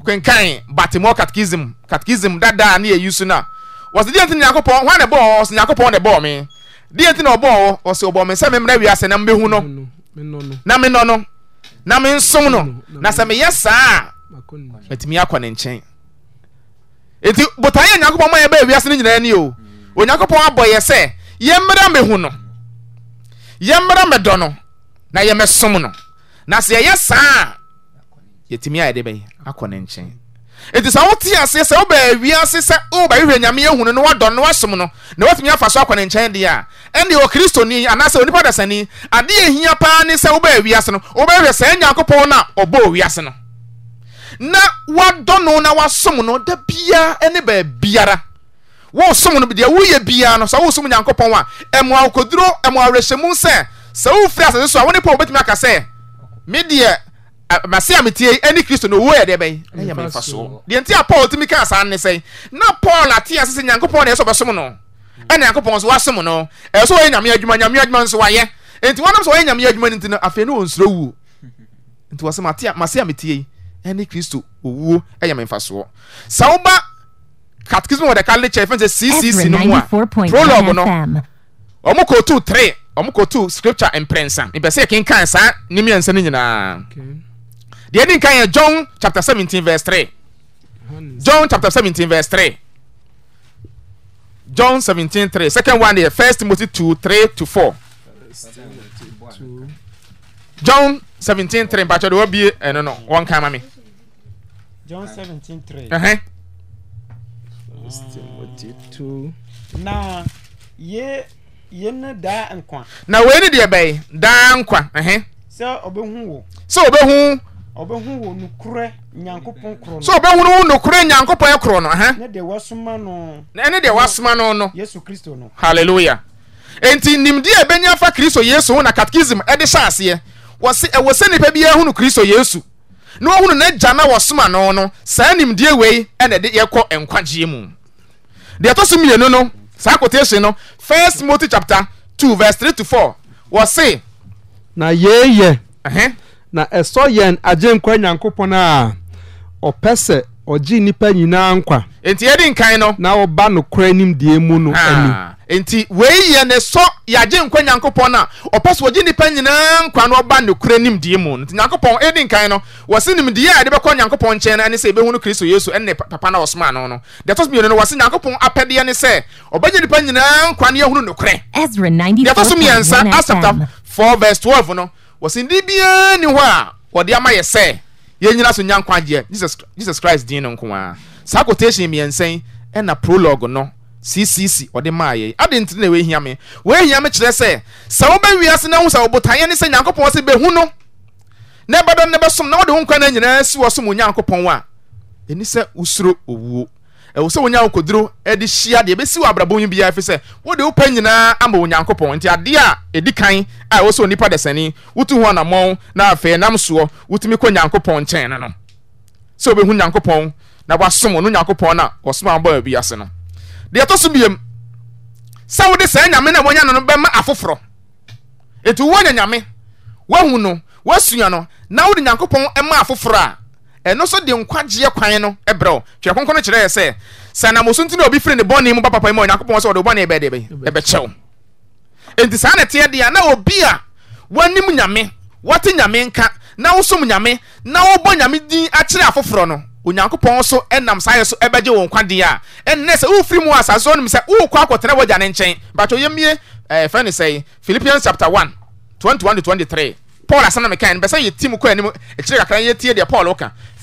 kwenkan batimɔ catechism catechism dada ne yɛ yusu na wɔsi diɛ ntina nyakopɔn hwa na bɔɔ wɔsi nyakopɔn na bɔɔ mi diɛ ntina ɔbɔɔ wɔsi ɔbɔɔ mi sɛ mi mmerɛ wiase na mbehu no na mi nɔ no na mi nsom no na sɛ mi yɛ saa ɛtumi akɔ ne nkyɛn eti botan yɛ nyakopɔn ma yɛ bɛɛ wiase ne nyinaa ni o onyakopɔn abɔ yɛ sɛ yɛ mmerɛ mbehu no yɛ mmerɛ mɛdɔ no na yɛ mɛsom no na sɛ yɛ saa yɛtumi ayɛ de bɛyɛ akɔ ne nkyɛn eti sɛ wote ase sɛ wobɛ wiase sɛ wobɛhwehwɛ nyame yɛhunu no wadɔ no wasom no na woatumi afa so akɔ ne nkyɛn deɛ a ɛne okristoni anaasɛ onipa dasani adeɛ ɛhia paa ne sɛ wobɛɛ wiase no wobɛhwɛ sɛ nyankopɔn no a ɔbɔɔ wiase no na wadɔ no na wasom no da biara ne baabiara wosom no deɛ woyɛ biara no sɛ wosom nyankopɔn a ɛmo akoduro ɛmo awerɛhyɛmu sɛ sɛ wofiri asase so a wo pɔ wobɛtumi aka sɛ me mase a metie ɛne kristo no owuo yɛ deɛ bɛn ɛyɛ mefa soɔ deɛ nti a paul tumi kaa saa ne sɛn na paul ate a sisi sɛ nyankopɔn na ɛsɛ ɔbɛsom no mm. ɛna nyankopɔn nso wasom no ɛyɛ sɛ wɔyɛ nyame adwuma nyame adwuma nso wayɛ nti wɔnam sɛ wɔyɛ nyame adwuma no nti no afei ne wɔnsuro wuo nti wɔ sɛ mase a metie ɛne kristo owuo ɛyɛ mefa soɔ sɛ woba catechism wɔ the catholic church fɛn sɛ ccc no mu a prologue no ɔmo kɔɔtu three ɔmo kɔɔtu scripture mprɛnsa mepɛ sɛ yɛkenkan saa ne mmiɛnsa no nyinaa deɛ ni nkan yɛ john chapter seventeen verse three john chapter seventeen verse three john seventeen three second one yɛ first timothy two three to four john seventeen three mpatsɔ de wɔbie ɛno no wɔn kan ma mi. john seventeen three. Uh-huh. first timothy two. na ye ye ne daa nkwa. na wei ni deɛ bɛyi daa nkwa. sɛ ɔbɛhu wo. sɛ ɔbɛhu ɔbɛhu wɔ nukurɛ nyankopɔn korɔ no. so ɔbɛhu no nukurɛ nyankopɔn korɔ no ɛhɛn. ne deɛ wasoma no. ɛne deɛ wasoma no no. yesu kristo no. hallelujah nti nimdi a ebenya fa kristo yesu ho na catechism ɛde e hyɛ aseɛ wɔsi ɛwɔ sɛ nipa bi ehunu kristo yesu na wɔhunu n'agya na wɔsoma no no saa nimdi ewei ɛna ɛde yɛkɔ nkwagyeɛ mu deɛ ɛtɔ so mmienu no saa quotation no first timothy chapter two verse three to four wɔsi. na yeye. Uh -huh na ɛsɔ yɛn agyenkwa nyankopɔn a ɔpɛ sɛ ɔgye nnipa nyinaa nkwa nti yɛde nkan no na ɔba nokora anim deɛ mu no ani nti wei yɛ ne sɔ yɛagye nkwa nyankopɔn a ɔpɛ sɛ ɔgye nnipa nyinaa nkwa no ɔba nokora ah, anim deɛ mu nti nyankopɔn ɛdi nkan no wɔse nimdeɛ a yɛde bɛkɔ nyankopɔn nkyɛn no ɛne sɛ yɛbɛhu no kristo yesu ɛne papa no a ɔsomaa no no deɛ ɛtɔ so mmienu no wɔse nyankopɔn apɛdeɛ ne sɛ ɔbɛgye nnipa nyinaa nkwa no yɛhunu nokorɛ deɛ ɛtɔ so mmiɛnsa asapta 4 no wɔsi ne biara ni hɔ a wɔde ama yɛ sɛ yɛn nyina so nya jesus jesus christ din no nko ara saa quotation mmiɛnsa yi ɛna prologue no ccc ɔde maa yɛ adi ntiri na wehia mi wehia mi kyerɛ sɛ sɛ wɔbɛ wia se na ahosuo ɔbotan ne sɛ nyankopɔn sɛ behu no na ɛbɛdɔ ne bɛsom na wɔde ho nkwa na nyinaa si wɔ so mu nyankopɔn a ɛni sɛ usoro owuo ɛwɔ sɛ wonya wokoduro de hyia deɛ ɛbɛsi wɔ abrabɔ yi biara ɛfiri sɛ wode wo pɛ nyinaa ama onyankopɔn nti adeɛ a ɛdi kan a ɛwɔ sɛ onipa dɛsɛne wotu ho anammɔn na afei nam soɔ wotumi kɔ nyankopɔn nkyɛn no no sɛ wobɛhu nyankopɔn na wasom no nyankopɔn na ɔsoma abɔ awi ase no deɛ ɛtɔ so biam sɛ wode saa nyame na wɔnya no no bɛma afoforɔ ɛnti woanya nyame woahu no woasua no na wode nyankopɔn ma afoforɔ a ɛno nso de nkwagyeɛ kwan no brɛ wo twerɛ konko no kyerɛ yɛ sɛ sɛ namoso nti na obi firi ne bɔne mu ba papa mu a onyankopɔn sɛ ɔde wobɔne bɛde ɛbɛkyɛ wo enti saa nɛteɛ deɛ na obi a woanim nyame woate nyame nka na wosom nyame na wobɔ nyame din akyerɛ afoforɔ no onyankopɔn so nam saa yɛ so bɛgye wo nkwadeɛ a ɛnnɛ sɛ wofiri mu asase so nim sɛ wokɔ akɔtena wagya ne nkyɛn batwɛ ɛfɛ ne sɛ philippians chapter 1 21 to 23 paul asɛm na mekae no bɛ sɛ yɛtim kɔ anim ɛkyire kakra yɛtie deɛ paul woka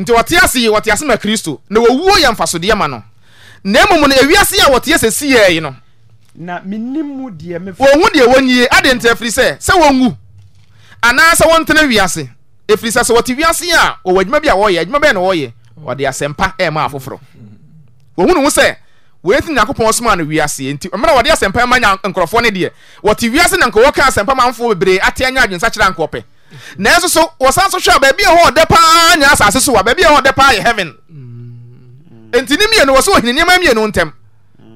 nti wɔte ase yi wɔte ase ma kristo na wɔwuo yɛ mfasodeɛ ma no na mmom no ewiase a wɔte ase si yɛ yi no na menim mu deɛ mefa wɔnwu deɛ wɔnyie ade nti afiri sɛ sɛ wɔnwu anaasɛ wɔntena wiase ɛfiri sɛ sɛ wɔte wiase a wɔwɔ adwuma bi a wɔyɛ adwuma bɛɛ na wɔyɛ wɔde asɛmpa ɛma afoforɔ wɔhu ne ho sɛ wɔyɛti nyankopɔn somaa no wiase nti mmerɛ wɔde asɛmpa ma nkorɔfoɔ no deɛ wɔte wiase na nka wɔka asɛmpa ma mfoɔ bebree ate anya adwensakyerɛ ankɔpɛ nanso so wɔsan so hwɛ a baabi a ɛhɔ ɔdɛ paa nyɛ asase so wa baabi a ɛhɔ ɔdɛ paa yɛ heaven nti ne mmienu wɔ so wɔhini nneɛma mmienu ntɛm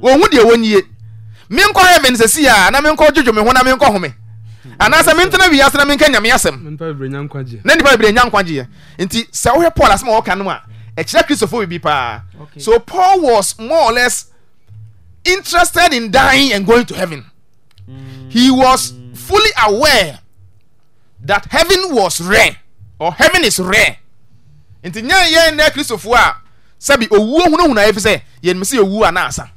wɔn ho deɛ wɔn yie menkɔ heaven sɛ si a na menkɔ dwodwo me ho na menkɔ home anaasɛ mentena wiase na menka nyame asɛm na nipa bebree nya nkwagyeɛ nti sɛ wohwɛ paul asɛm a wɔka no a ɛkyerɛ kristofo bibi paa so paul was more or less interested in dying and going to heaven mm. he was fully aware that heaven was rare or heaven is rare nti nyɛ yɛn nɛ kristofoɔ a sɛbi owuo hunahuna yɛ fi sɛ yɛn mi sɛ owuo anaasa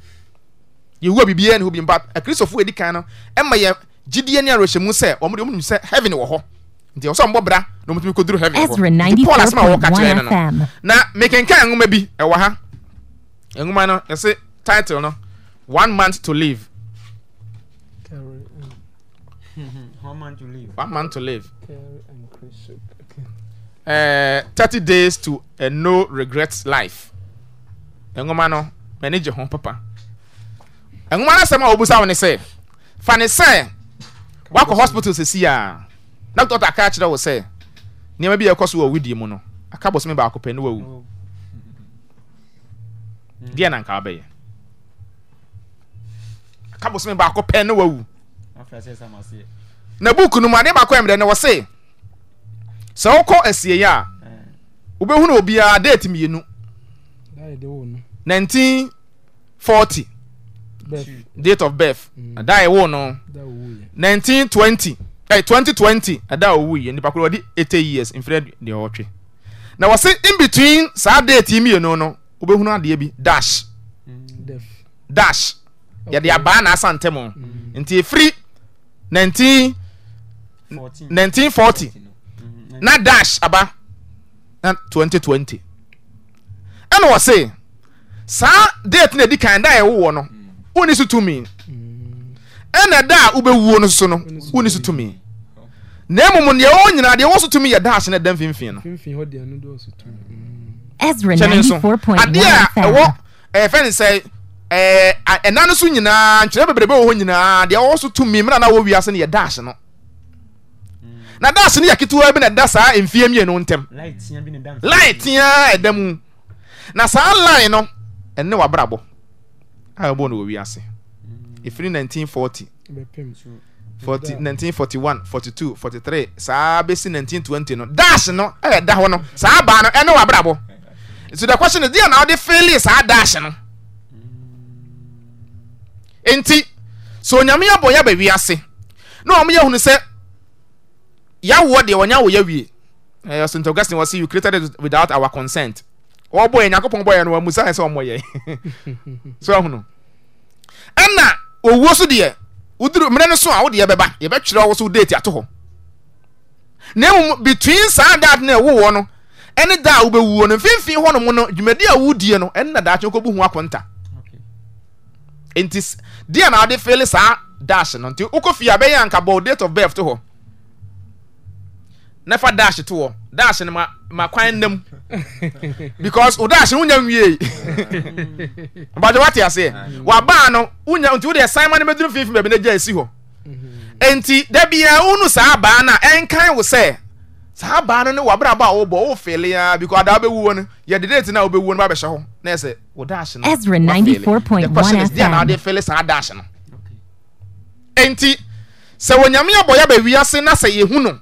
yɛwuo bibiara ne ho bi mpa akristofoɔ edi kan no ɛma e yɛ gidiɛ ne arɔhyɛ mu sɛ wɔn de wɔn nim sɛ heaven wɔ hɔ nti ɔsɔ mbɔ bra na wɔn tumi kɔ duro heaven wɔ nti paul asɛm a wɔka kyerɛ no no na mekenkan nwoma bi ɛwɔ ha nwoma no yɛsɛ title no one month to live to live. One month to live. Okay. Uh, eh, 30 days to a no regrets life. Nwoma no, m'ani gye papa. Nwoma no asɛm a wɔbusa wo fa ne sɛ, wakɔ hospital sesi a, na doctor aka kyerɛ wo sɛ, nneɛma bi a ɛkɔ so wɔ widie mu no, aka bɔsɔmi baako pɛ ne wawu. Oh. Deɛ na nka wabɛyɛ? Aka bɔsɔmi baako pɛ ne wawu. Afei, ɛsɛ sɛ se na buku no mu ade baako ɛmdɛ na wɔse sɛ wokɔ asieɛ a wobɛhunu obiara date mmienu nineteen forty date of birth ɛda mm. a ɛwɔ no nineteen twenty ɛɛ eh, twenty twenty ɛda a owu yɛ nipa koro ɔdi eighty years mfiri deɛ ɔtwe na wɔse in between saa date yi mmienu no wobɛhunu adeɛ bi dash mm. dash yɛde abaa na asa ntɛm mm. nti efiri nineteen. Nineteen forty, mm-hmm. na dash aba na 2020 ɛna wɔse saa date na edi kan mm. da a ɛwowɔ no woni so tumi ɛna da a wobɛwuo no so no woni so tumi na mmom deɛ wɔwɔ nyinaa deɛ wɔwɔ so tumi yɛ dash na ɛda mfimfini no kyɛne nso adeɛ a ɛwɔ ɛfɛ ne sɛ ɛɛ ɛna no so nyinaa nkyerɛ bebrebe wɔ hɔ nyinaa deɛ wɔwɔ so tumi mmena na wɔwɔ wiase no yɛ dash no na daase no yɛ ketewa bi na ɛda saa mfie mmienu ntɛm line tea ɛda mu na saa line no ɛne wabrabɔ a ɛbɔ no wɔ wiase mm. ɛfiri 1940 1941 42 43 saa bɛsi 1920 no dash no ɛyɛ da hɔ no saa baa no ɛne wabrabɔ nti the question is deɛ na wode fele saa dash no mm. nti sɛ onyame abɔ yɛ aba wiase na ɔmo yɛ hunu sɛ a d ya wo awi uso o oeaɛ h be saaao n a aao na dash to wɔ dash no ma ma kwan nam because o dash no wonya nwie ɔbagye wate aseɛ wabaa no wonya nti wodeɛ san ma no bɛduru fiifim gya asi hɔ nti da biara wonu saa baa no a wo sɛ saa baa no ne wabrabɔ a wobɔ wo fele a because adaa wobɛwu wɔ no yɛde date no a wobɛwu no babɛhyɛ hɔ na ɛsɛ wo dash no Ezra 94.1 FM na wode fele saa dash no nti sɛ wɔnyame abɔ yɛ baawiase na sɛ yɛhu no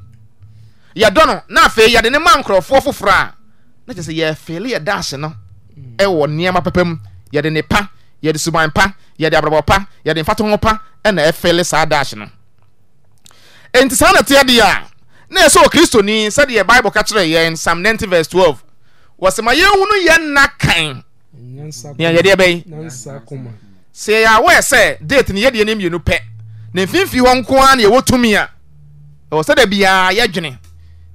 yɛdɔn nafei yɛde no ma nkrɔfoɔ foforɔ a ɛ esaanatede aɛsɛ kristoni sɛdɛ bible ka kerɛ yɛ sam12 ɔsɛma yɛwu no yɛ na ka ɛ ɛ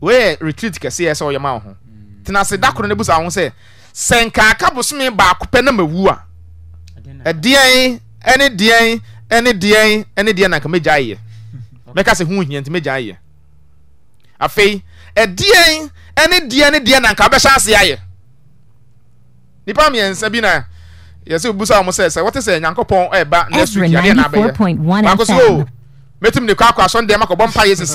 ɛ da w o sɛ sɛ nkaaka bosome baako pɛ na mawu a e deɛ needeɛ naka bɛsyɛ seayɛ nipa mɛsa bi nɛɛm sɛɛ wotesɛ nyankopɔsɛɔ payɛ ss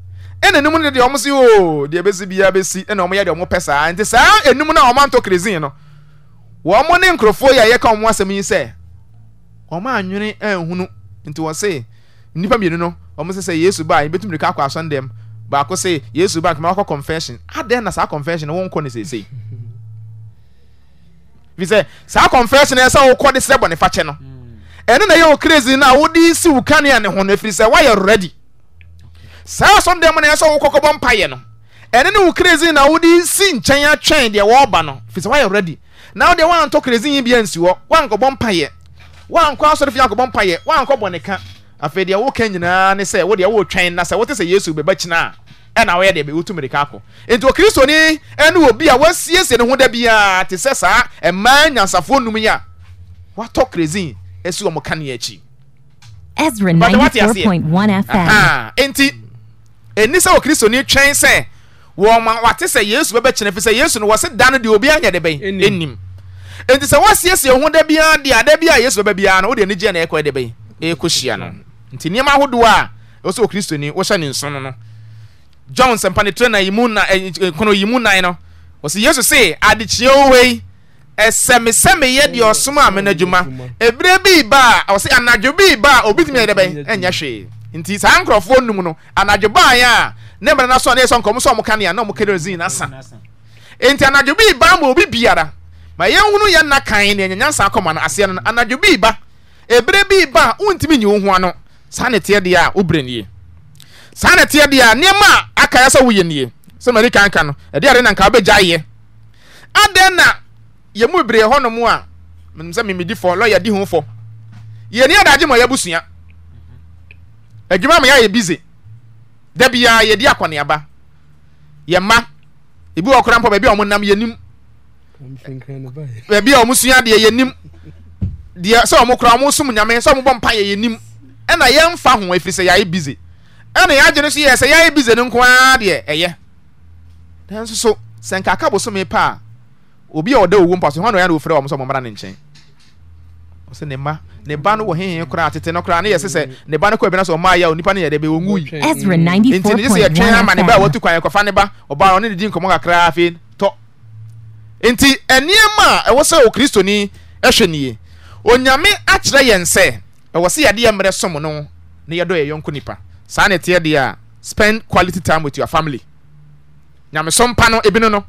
ɛna enum no deɛ ɔmo si o deɛ besi biara besi ɛna ɔmo yɛ deɛ ɔmo pɛ saa nti saa enum no a ɔmo anto kerezin no wɔn ne nkurɔfoɔ yɛ a yɛka ɔmo asɛm yi sɛ ɔmo anwene ɛnhunu nti wɔn se nipa mmienu no ɔmo sɛ sɛ yesu baa ebitum de ka akɔ asɔn dɛm baako se yesu baa kama akɔ confession adɛn ah, na saa confession no wɔn nkɔ ne sese fi sɛ saa confession yɛ sɛ wɔkɔ de sɛ bɔ ne fakyɛ no hmm. ɛne na yɛ wɔ kerezin no a wɔde si wukanea ne ho no efiri sɛ wɔayɛ ready saa asɔndan mu na yɛsɛ wokɔkɔ bɔ mpaeɛ no ɛne ne wo crazy na wode si nkyɛn atwɛn deɛ wɔreba no firi sɛ woayɛ ready na wodeɛ woantɔ crazy yi bia nsi hɔ woankɔbɔ mpaeɛ woankɔ asɔrefie ankɔbɔ mpaeɛ woankɔ bɔ ne ka afei deɛ woka nyinaa ne sɛ wodeɛ woretwɛn na sɛ wote sɛ yesu bɛba kyina a ɛna woyɛ deɛ bɛwotu mmirika akɔ enti okristoni ɛne obi a wasiesie ne ho da biara te sɛ saa mmaa nyansafoɔ num yi a watɔ crazy asi wɔn kaneɛ akyi. Ezra one FM. Enti ɛni sɛ kristo ni twɛn sɛ wɔn ma wate sɛ yesu bɛbɛ kyerɛ fi yesu no wɔsi dan no deɛ obi anya de bɛn enim nti sɛ wɔasiesie ho da biara deɛ ada bi yesu bɛbɛ biara no wɔde ani gye na ɛkɔ de bɛn ɛkɔ hyia no nti nneɛma ahodoɔ a wɔsɛ wɔ kristo ni wɔhyɛ ne nsono no john sɛmpa ne tire na yi mu na ɛkono eh, eh, yi mu nan no wɔsi yesu se adekyeɛ owe yi ɛsɛmesɛme yɛ deɛ ɔsom a mena adwuma ebire bi ba ɔsi anadwo bi ba obi tumi yɛ de bɛn ɛnyɛ hwee nti saa nkurɔfoɔ num no anadwo baayɛ a ne mmerɛ naso a ne yɛ sɛ nkɔm sɛ ɔmo ka na ɔmo kerosene nasa nti anadwo bi ba ama obi biara ma yɛnhunu yɛn na kan ne nyanyansa akɔma no aseɛ no anadwo bi ba ebere bi ba a wontumi nyi wo ho ano saa ne teɛ deɛ a wobere nie saa ne teɛ deɛ a nneɛma a aka yɛ sɛ woyɛ nie sɛ mɛri kan no ɛde ade na nka wobɛgya yɛ adɛn na yɛn mu bebree hɔnom a menim sɛ mimidi fɔ di ho fɔ yɛn adagye ma yɛabusua adwuma mi ayɛ busy ya biara yɛdi akɔneaba yɛ mma ebi wɔ kora mpɔ baabi a wɔn nam yɛ nim baabi a wɔn sua deɛ yɛ nim deɛ sɛ wɔn kora wɔn som nyame sɛ wɔn bɔ mpa yɛ yɛ nim ɛna yɛn fa ho efiri sɛ yɛayɛ busy ɛna yɛn adwene so yɛ sɛ yɛayɛ busy no nko ara deɛ ɛyɛ nanso so sɛ nkaka bosom pa a obi a ɔda owu mpa so hɔn na ɔyɛ na ofura wɔn sɛ wɔn mara ne nkyɛn sɛ ne ma ne ba no wɔ hehe koraa tete no koraa ne yɛ sɛ sɛ ne ba no kɔ ebina sɛ ɔmaa yɛ a onipa no yɛ dɛ bɛ nti ne gye sɛ yɛtwɛn ama ne ba a watu kwan yɛkɔfa ne ba ɔbaa ɔne ne di nkɔmɔ kakraa afei tɔ nti nneɛma a ɛwɔ sɛ okristoni ɛhwɛ nie onyame akyerɛ yɛn sɛ ɛwɔ sɛ yɛde yɛ mmerɛ som no na yɛdɔ yɛ yɔnko nipa saa na ɛteɛ deɛ a spend quality time with your family nyamesom pa no ebi no no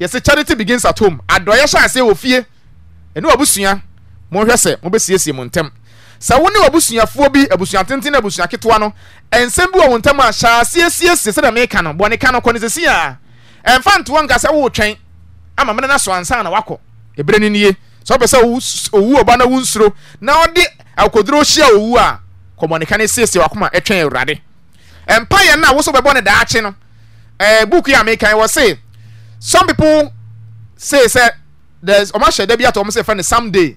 yɛsɛ charity begins at home adɔyɛ hyɛ aseɛ wɔ fie ɛne wabusua monhwɛ sɛ mobɛsiesie mo ntɛm sɛ wo ne abusuafoɔ bi abusua tenten abusua ketewa no nsɛm bi wɔ wo ntam a hyɛ asiesiesie sɛdeɛ meka no bɔne ka no kɔ ne sɛsi a ɛmfa ntoɔ nka sɛ woretwɛn ama mene no so ansa na wakɔ ɛberɛ no nie sɛ wopɛ sɛ owu ɔba no wonsuro na ɔde akoduro hyia owu a kɔmmɔneka no siesie wakoma ɛtwɛn awurade ɛmpayɛ no a wo bɛbɔ ne daakye no ɛɛ buku yi a meka wɔ se some people say sɛ ɔmahyɛ da bi atɔ ɔm sɛ ɛfɛ no someday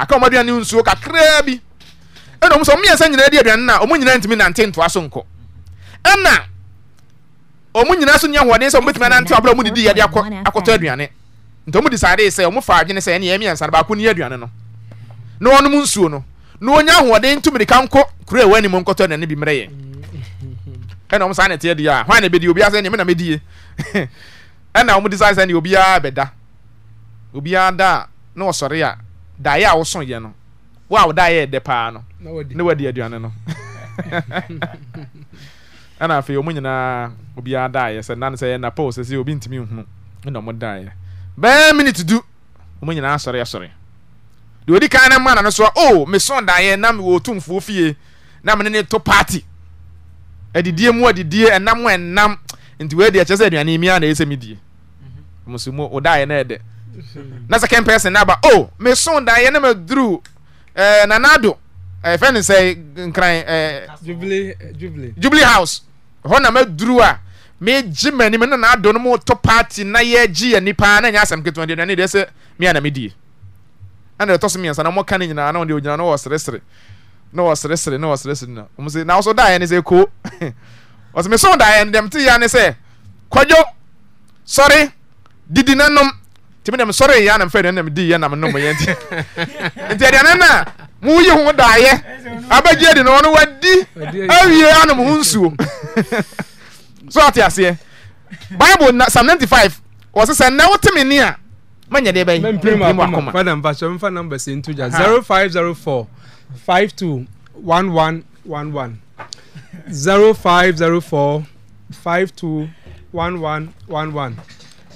aka ɔmo aduane nsuo kakraa bi ɛna ɔmo sɛ ɔmo mmiɛnsa nyinaa di aduane na ɔmo nyinaa ntumi nante ntoa so nkɔ ɛna ɔmo nyinaa so nyɛ ahoɔden sɛ ɔmo betumi anante abira ɔmo didi yɛde akɔ akɔtɔ aduane nti ɔmo di saade sɛ ɔmo fa adwene sɛ ɛne yɛ mmiɛnsa no baako ni aduane no na ɔnom nsuo no na ɔnya ahoɔden ntumi de ka nkɔ kuro ɛwɔ anim nkɔtɔ aduane bi mmerɛ yɛ ɛna ɔmo saa na ɛteɛ di a hwan na ebedi obiara sɛ ɛne da na ɔsɔre daeɛ a woso yɛ no wo a wodaeɛ yɛ dɛ paa no ne wadi aduane no ɛna afei ɔmu nyinaa obiara daeɛ sɛ nane sɛ yɛ napa o sɛ sɛ obi ntumi nhunu ɛna ɔmo daeɛ bɛɛ minute du ɔmu nyinaa asɔre asɔre deɛ odi kan no ma na no so o oh, meso daeɛ na mewɔ otumfuo fie na mene ne to party adidie mu adidie ɛnam ɛnam nti wei deɛ kyerɛ sɛ aduane mi a na ɛyɛ sɛ medie mhm. ɔmo so mu wodaeɛ na ɛdɛ na secn person oh, me son dayɛ namadr anadɛɛjule oe hɔnamadr meyemani nad nmtɔ party na yɛyia pameso daɛɛmetɛne sɛ kɔ sɔre didi na nom tìmí dẹ̀m sọ̀rọ̀ yìí ànàm fẹ́ẹ́ dẹ̀m di yẹ nam nnọmọ yẹn ti nti ẹ̀dẹ̀ nínú a mú yí hu dà yẹ abẹ́jì ẹ̀dì ni wọ́n wá di ẹ̀wìyẹ ànàm hu nsuo so ọ̀tí aseẹ bible na psalm ninety five wọ́n sísẹ ẹ̀ náwó tìmí ní a mẹ́nyẹ̀ dẹ́ bẹ́yì mẹ́mpirima akoma fada mba sọ mfa namba sè ntu gya zero five zero four five two one one one one zero five zero four five two one one one one.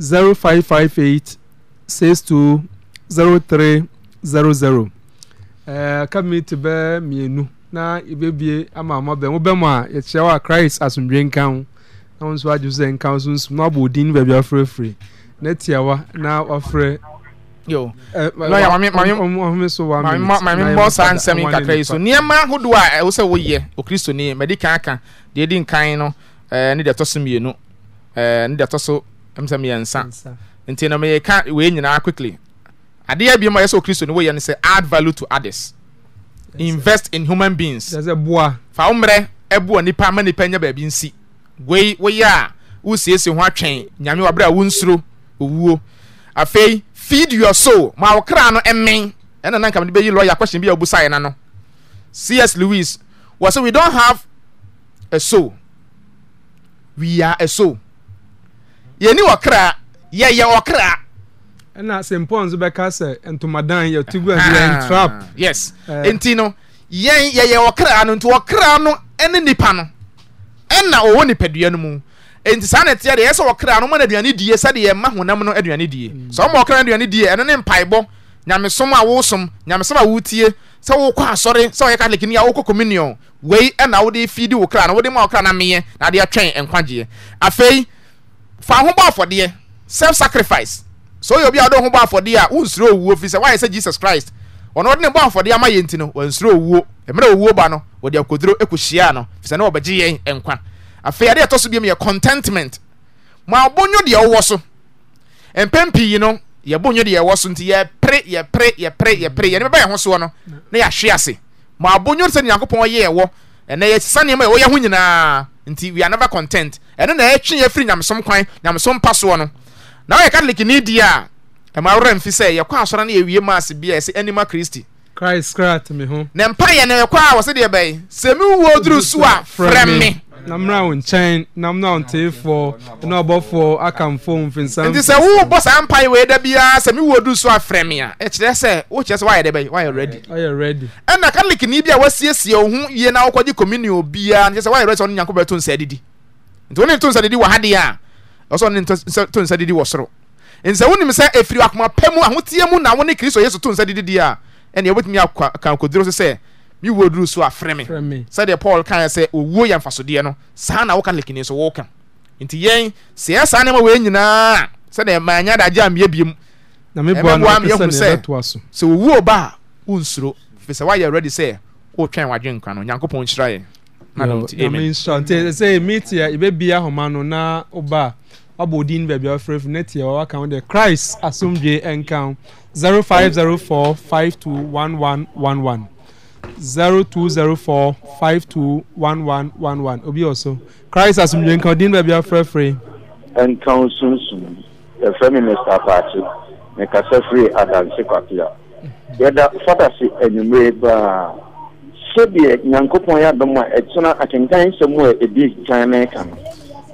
zero five five eight six two zero three zero zero ɛɛ eh, kami ti bɛ mienu na ebebie ama ama bɛn mo bɛn mo a yɛkyerɛ wa christ asomdwe nka ho na wɔn nso agye sɛ nka ho nso nso na abɔ odin baabi afurafure na tia wa na wafrɛ. yo lɔya maame maame maame mbɔ saa nsɛm yi kakra yi so nneɛma ahodoɔ a ɛwɔ sɛ woyɛ okristo ni mɛdi kan aka deɛ di nkan no ɛɛ eh, ne deɛ ɛtɔ so mienu ɛɛ eh, ne deɛ ɛtɔ so ɛmsɛ mmiɛnsa nti na meyɛka wei nyinaa quickly adeɛ bi ma yɛ sɛ okristo no wɔyɛ no sɛ add value to others invest in human beings fa wo mmerɛ ɛboa nipa ma nipa nya baabi nsi wei woyɛ a wosiesie ho atwɛn nyame wabrɛ a wonsuro owuo afei feed your soul ma wo kra no ɛmen ɛna na nkama de bɛyi lɔya question bi a wobusaeɛ na no cs lewis wɔ sɛ we don't have a soul we are a soul yɛni wɔkra yɛyɛ wɔkra ɛna st paul nso bɛka sɛ ntomadan yɛto gu ayɛn ah. trap yes uh, eh. nti no yɛn yɛyɛ wɔkra no nti wɔkra no ne nipa no ɛna ɔwɔ nipadua no mu nti saa na ɛteɛ deɛ yɛ sɛ wɔkra no ma no aduane die sɛdeɛ yɛma honam no aduane die mm. sɛ ɔma wɔkra no aduane die ɛno ne mpaebɔ nyamesom a wosom nyamesom a wotie sɛ wokɔ asɔre sɛ wɔyɛ catholic ni a wokɔ communion wei ɛna wode fidi wo kra no wode ma wo kra no meyɛ na ade atwɛn nkwagyeɛ afei fa ho bɔ afɔdeɛ serf sacrifice sɛ ɔy obiɔdeho bɔ afɔdeɛ a wonsurowu f sɛ yɛsɛ jesus christ ɛeɛcnment mabowodeɛ wɔ sop sɛ nyankopɔɔsaneɛaɔyɛho nyinaa ntiwea neve content ɛno na ɛtwe yɛ firi nyamesom kwan nyamesom pa soɔ no na wɔyɛ catholic ni di a ɛma awerɛ mfi sɛ yɛkɔ asɔre no yɛwie mass bi a ɛsɛ anima christi christ krat me ho na mpa yɛ no yɛkɔ a wɔsɛ deɛ bɛyɛ sɛ mewuo duru so a frɛ me na mmerɛ wo nkyɛn na mna wo nteefoɔ na ɔbɔfoɔ akamfo mfinsam nti sɛ wowobɔ saa mpae wei da biara sɛ mewuo duru so afrɛ me a ɛkyerɛ sɛ wokyerɛ sɛ woayɛ dɛ bɛyɛ woayɛ ready woayɛ ready ɛna katolikni bi a wasiesie wo ho yie na wokɔgye communion biara nkyɛ sɛ woayɛ ready sɛ ɔno nyankopɔn bɛto nsa nti wone nto nsa didi wɔ ha deɛ a ɔsɛ ɔne to nsa didi wɔ soro nsɛ wonim sɛ ɛfiri akoma pɛ mu ahoteɛ mu na wo ne kristo yesu to nsa didi deɛ a ɛneɛ wobɛtumi aka nkoduro so sɛ mewuo duru so afrɛ me sɛdeɛ paul kaɛ sɛ ɔwuo yɛ mfasodeɛ no saa na woka lekini so woka nti yɛn sɛɛ saa nneɛma wei nyinaa sɛdeɛ manya da agye ameɛ biom ɛmɛboa meyɛhu sɛ sɛ ɔwuo ba a wonsuro firi sɛ woayɛ awurade sɛ wotwɛn w'adwenkwa no onyankopɔn nhyira yɛn sɛ mi teɛ yɛbɛbi ahoma no na woba a wabɔ odin no baabi a wafrɛ fi ne teɛ wawaka wo dɛ christ asomdwe two one one one one. obi wɔ so christ asomdwe nka odin no baabi a wafrɛ firi ɛnka sunsun yɛfrɛ me mr paakye mekasa firi adanse kwapea hmm. Yada fata si anwummerɛ baa sɛdeɛ nyankopɔn yɛ adom a ɛtena akenkan nsɛm a ɛdi kan na ɛka no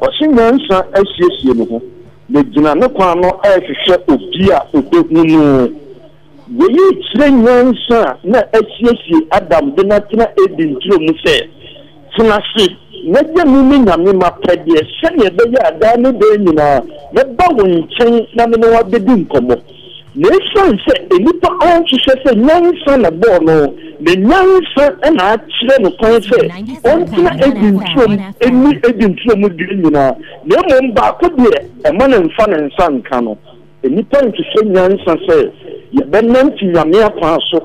ɔhye nyansa asiesie ne ho na gyina ne kwan no ɛrehwehwɛ obi a ɔbɛhu no wɔyi kyerɛ nyansa a na asiesie adam de natena edi nturo mu sɛ tena se ne nyame ma sɛneɛ ɛbɛyɛ adaa nyinaa mɛba wo nkyɛn na me ne wabɛdi nkɔmmɔ na esan sɛ enipa ɔnhyehyɛ sɛ nyansa na bɔɔl no na nyansa ɛna akyerɛ no kwan sɛ ɔntena edi ntuom eni edi ntuom dua nyinaa na emu baako deɛ ɛma ne nfa ne nsa nka no enipa nhyehyɛ nyansa sɛ yɛbɛnante nyamea kwan so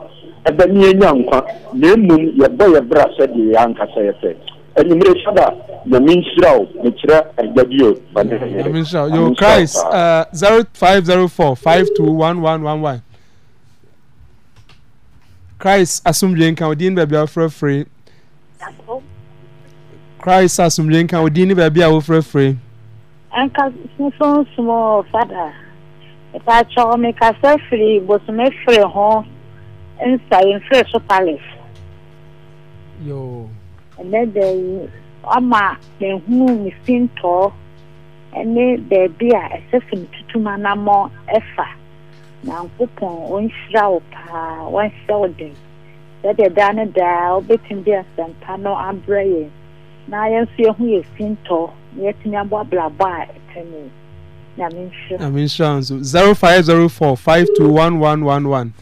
ɛbɛnea nya nkwa na emu yɛbɔ yɛ bra sɛ deɛ yɛ ankasa yɛ fɛ enumere sada nyame o mekyerɛ agyadi o nyame o yo christ uh, zero five zero four five two one one one one christ asomdwe nka odin baabi a wofrɛfrɛ christ asomdwe nka odin ne baabi a wofrɛfrɛ nka nsonsomo fada ɛpaakyɛw mekasa firi bosome firi ho nsa yɛmfrɛ so palace yo ɛdɛdɛ yi ɔma mehu ne fintɔɔ ɛne beebi a ɛsɛ fun tutuma namɔ ɛfa nyankopɔn wɔnhyira wo paa wɔnhyira wo den sɛdeɛ daa ne daa wɔbɛtumi de asɛmpa no abrɛ yɛn na yɛn nso yɛho yɛ fintɔɔ na yɛtumi abɔ abrabɔ a ɛtɛnɛ nyame nyame nhyira nso zero five zero four five two one one one one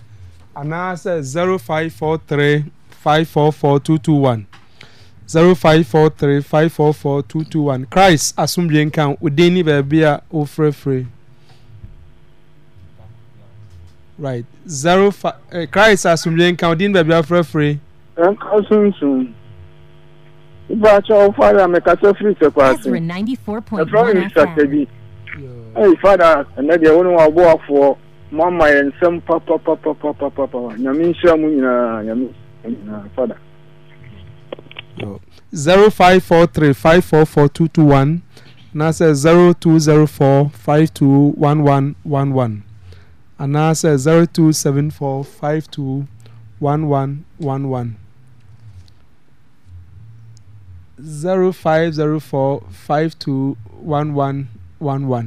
anaasɛ zero five four three five four four two two one zero five four three five four four two two one christ asumdue nkan odin ni baabi a ofurafure right zero five eh, christ asumdue nkan odin ni baabi a ofurafure. nkan sunsun ibà àtúwò fada mẹkàtọ firi sẹkọ àti ẹfọ mi sàtẹbi ẹyì fada ẹnẹdìẹ wọn wà bọ àfọ mọ àmà yẹn nsẹm papapapapapapa nyàmí nsẹmú nyinaa nyàmí nyinaa fada. 0543544221 anase 0204521111 anase 0274521111 0504521111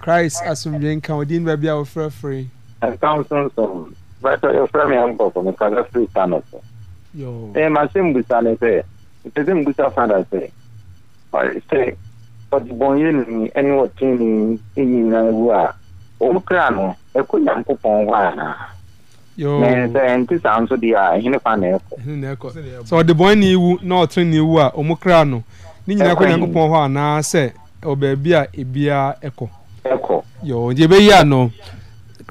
Christ asomdwe nka odin ba bia wo frɛfrɛ ɛka wo sonsom bɛtɔ yɛfrɛ mi ankɔfo mekasa fri sanɔsɛ 예, 말씀 구사해서요. 말씀 구사 살았어요. 아, 이제 어디보이는 애니워팅이 있는 거야. 오크라노 에코냥 쿠폰 와나. Yo. Ne sɛ nti saa nso a ɛhene kwa na ɛkɔ. Ɛhene na Sɛ ɔde ne iwu na ɔtene ne iwu a ɔmo kra no ne nyinaa kɔ nyankopɔn hɔ anaa sɛ a ɛkɔ.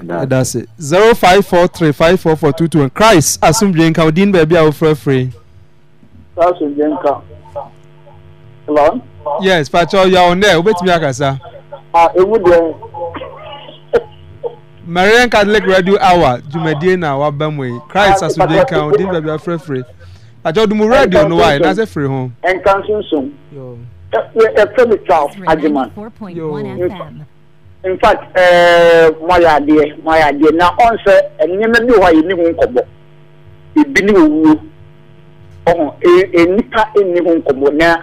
that's it zero five four three five four four two two one christ asumdue nka odin baabi a wofrɛfrɛ. asumdue nka hello. yes patro you are on there obetumi akasa. ah ewu deɛ. marian catholic radio hour dwumadie na waba ah, mu yi christ asumdue nka odin baabi a wofrɛfrɛ àjọ dumu radio no wa yìí n'asẹ firi ho. ẹnkan sunsun ẹ ẹ fẹmi charles ajiman in fact eh, mo ayɛ adeɛ mo ayɛ adeɛ na ɔn sɛ nneɛma bi wɔ hɔ a yɛni ho nkɔmɔ ebi ne owuo ɔhɔn ee nipa ni ho nkɔmɔ na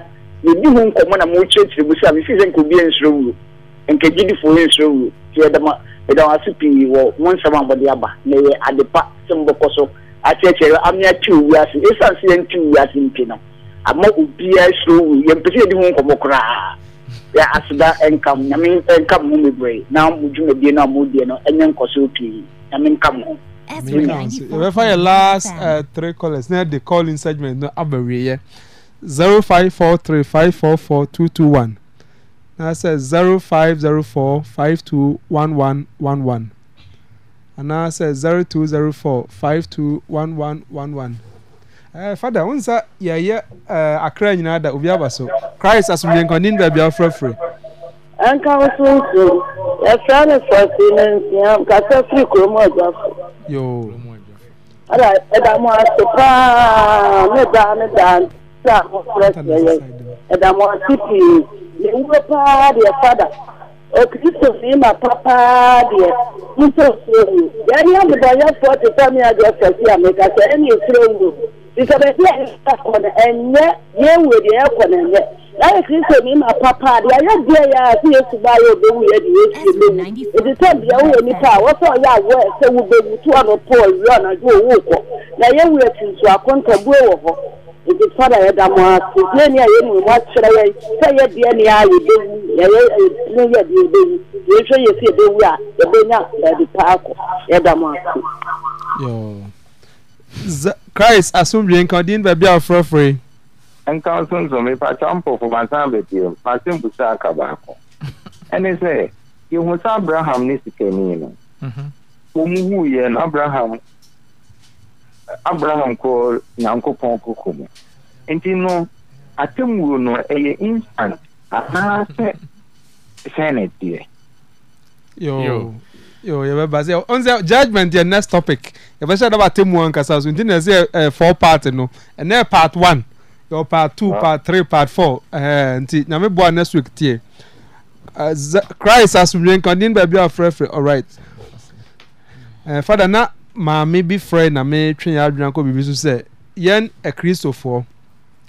yɛni ho nkɔmɔ na mo kyerɛkyerɛ mu sɛ a mefi sɛ nka obi nsoro wuo nka gyidifoɔ nsoro wuo ti ɛdama ɛdama ase pii wɔ mo nsɛm a wɔde aba na ɛyɛ adepa sɛ mbɔkɔ so akyerɛkyerɛ amia ti owu ase esan se yɛn ti owu ase mpe no ama obiara soro wuo yɛn mpɛ sɛ yɛni ho nkɔmɔ koraa yɛ aseda nka mu nyame nka mu bebree na mo dwumadie no a modie no ɛnyɛ nkɔso pii nyame nka mu ho yɛbɛfa yɛ last uh, three callers na yɛde call in segment no abawieɛ zero five four three five four four two two one na sɛ zero five zero four five two one one one one anaasɛ zero two zero four five two one one one one. Eh, fada wo nsa yɛyɛ eh, akra nyinaa da obi aba so christ asomdwenkɔnin baabi a wofrɛfrɛ ɛnka wo so nsuo yɛfrɛ no fɔsi no nsia kasa firi kurom agyafo yo ɛda ɛda mo ase paa ne daa ne daa sɛ mofrɛ sɛyɛ ɛda mo ase pii mewuro paa deɛ fada okristo fiima papaa deɛ nso suo mu yɛne abodɔyɛfoɔ te sɛ me adeɛ fɔsi a mekasɛ ɛne ɛsuro wuro nka baabi a yɛsa kɔ no ɛnyɛ yɛnwe deɛ yɛkɔ no ɛnyɛ na yɛ kristo ni ma papa deɛ ayɛ deɛ yɛ a sɛ yɛsu ba yɛ ɔbɛwu yɛ de yɛsu bɛwu ɛdi sɛ deɛ woyɛ nipa a wɔsɛ ɔyɛ awɔ ɛ sɛ wobɛwu toa no tɔ ɔwura no de ɔwu kɔ na yɛwu atintu akontabue wɔ hɔ nti fada yɛ da mo ase deɛ ni a yɛ mu mo akyerɛ yɛ sɛ yɛ deɛ ni a yɛ bɛwu yɛ yɛ ne yɛ deɛ bɛwu yɛhwɛ yɛ sɛ yɛ bɛwu a yɛbɛnya baabi paa kɔ yɛ da mo ase christ asomdwe nka ɔde ne baabi a ɔfrɛfrɛ nka nsonsomi pàtó mpɔfo basan bèbè pàtó mbusa aka baako ɛne sɛ yehu sɛ abraham ne sikani no wɔn hu yɛ no abraham abraham kɔ nyankopɔn koko mu nti no atemmuo no ɛyɛ instant anaasɛ sɛn na ɛteɛ yo yɛbɛba sɛ ɔnsɛ judgement yɛ next topic yɛbɛhyɛ daba atemu ankasa so nti na ɛsɛ ɛɛ four part no ɛnɛ part one yɛwɔ part two ah. part three part four ɛɛ nti nyame boa next week tie ɛɛ christ asumdwe nka ɔdin baabi a frɛfrɛ alright ɛɛ fada na maame bi frɛ na me twe yɛ adwene akɔ biribi so sɛ yɛn akristofoɔ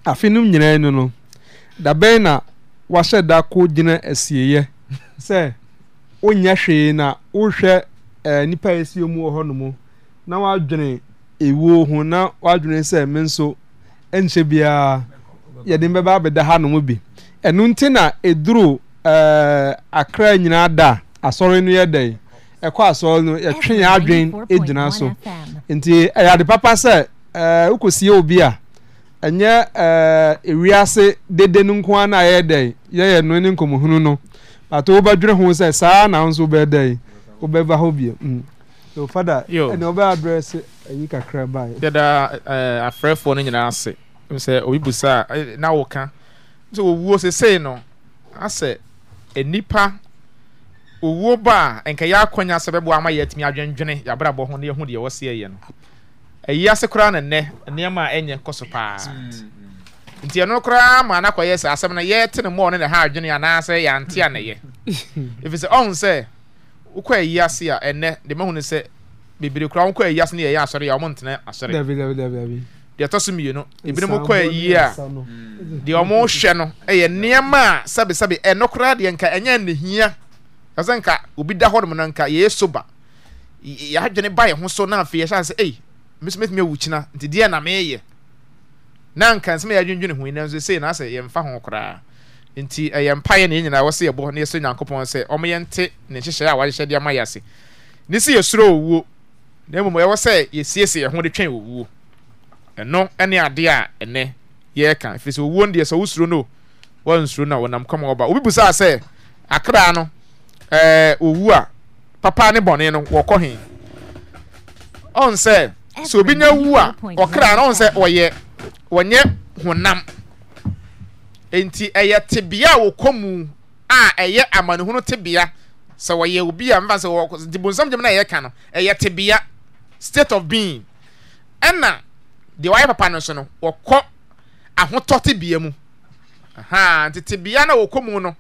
afe no nyinaa no no dabɛn na wahyɛ da ko gyina asieɛ sɛ. wonyɛ hwee na wohwɛ ɛɛ eh, nipa a esi mu wɔ hɔnom na wadwene ewuo ho na wadwene sɛ me nso nhyɛ biara yɛde mbɛba abɛda nom bi ɛnu nti na eduru ɛɛ eh, akra nyinaa da asɔre no yɛ dɛ ɛkɔ asɔre no yɛtwe yɛn adwene egyina so nti ɛyɛ ade papa sɛ ɛɛ eh, wokosie obi a ɛnyɛ ɛɛ ewiase dede no nko ara na yɛ dɛ yɛyɛ no ne nkɔmɔhunu no. ati wobɛdwene ho sɛ saa na nso wobɛda yi wobɛba hɔ bio mm. so fada ɛne wobɛ adrɛse ayi kakra ba yɛda afrɛfoɔ no nyinaa ase sɛ obi busa na woka nso wɔwuo sesei no asɛ enipa, owuo ba a nka yɛ akɔnya sɛ bɛboa ama yɛatumi adwendwene yɛabrabɔ ho na yɛhu deɛ wɔseɛ yɛ no ɛyi ase koraa ne nnɛ nneɛma a ɛnyɛ kɔ so paa mm nti ɛno koraa ma anakɔyɛ sɛ asɛm no yɛte ne mmɔɔ ne ne ha adwene anaasɛ yɛante a neyɛ ɛfiri sɛ ɔhu sɛ wokɔ ayi ase a ɛnɛ de mahu ne sɛ bebree koraa wokɔ ayi ase ne yɛyɛ asɔre a ɔmontena asɔre deɛ ɛtɔ so mmienu ebinom kɔ ayi a deɛ ɔmo hwɛ no ɛyɛ nneɛma a sɛbesɛbe ɛno koraa deɛ nka ɛnyɛ nehia ɛsɛ nka obi da hɔnom no nka yɛyɛ soba yɛadwene ba yɛ ho so na afei yɛhyɛ sɛ ei mesomɛtumi awu nti deɛ na meyɛ na nka nsɛm yɛ adwendwene ho nanso sei na asɛ yɛmfa ho koraa nti ɛyɛ mpaeɛ ne nyinaa wɔsɛ yɛbɔ ne yɛsɛ nyankopɔn sɛ ɔmo yɛnte ne nhyehyɛ a wahyehyɛ de ama yɛ ase ne si yɛsuro owuo na mmom ɛwɔ sɛ yɛsiesie yɛn ho de twɛn owuo ɛno ne adeɛ a ɛnɛ yɛreka ɛfiri sɛ owuo no deɛ sɛ wosuro no wɔnsuro no a wɔnam kɔm wɔba obi busaa sɛ akra no ɛɛ owu a papa ne bɔne no wɔkɔ he ɔn sɛ sɛ obi nya wu a ɔkra no ɔn sɛ ɔyɛ wɔnyɛ honam nti ɛyɛ tebea a wɔkɔ mu a ɛyɛ amanehunu tebea sɛ wɔyɛ obi a mfa sɛ wɔkɔ nti bonsam gyam na ɛyɛ ka no ɛyɛ tebea state of being ɛna deɛ wɔayɛ papa no so no wɔkɔ ahotɔ tebea mu nti tebea na wɔkɔ mu no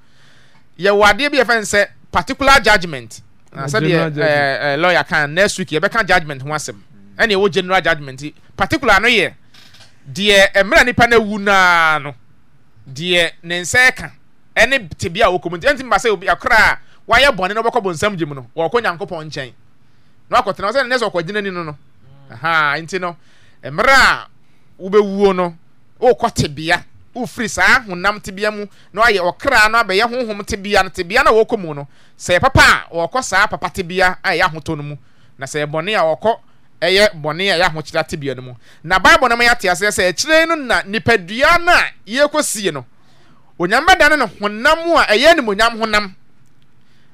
yɛwɔ adeɛ bi yɛfɛ sɛ particular judgement sɛdeɛ ɛɛ eh, eh, lawyer kan next week yɛbɛka judgement ho asɛm ɛna ɛwɔ general judgement particular no yɛ. deɛ mmerɛ nipa no awu naa no deɛ ne nsa ɛka ɛne te bia wɔ kɔmu nti ɛnti mba sɛ obi akora a wayɛ bɔne na wɔbɛkɔ bɔnsam gyem no wɔkɔ nyankopɔn nkyɛn na wakɔtena wɔsɛ ne nɛ sɛ ɔkɔgyina ni no no aha nti no mmerɛ a wobɛwuo no wokɔ tebea wofiri saa honam tebea mu na wayɛ ɔkra no abɛyɛ honhom tebea no tebea no a wɔkɔ mu no sɛ papa a wɔkɔ saa papa tebea a ɛyɛ ahotɔ no mu na sɛ bɔne a wɔkɔ ɛyɛ bɔne a ɛyɛ ahokyerɛ tibia no mu na bible no mu yɛate aseɛ sɛ akyire no na nipadua no a yɛkɔsie no onyame bɛdane no honam a ɛyɛ animonyam honam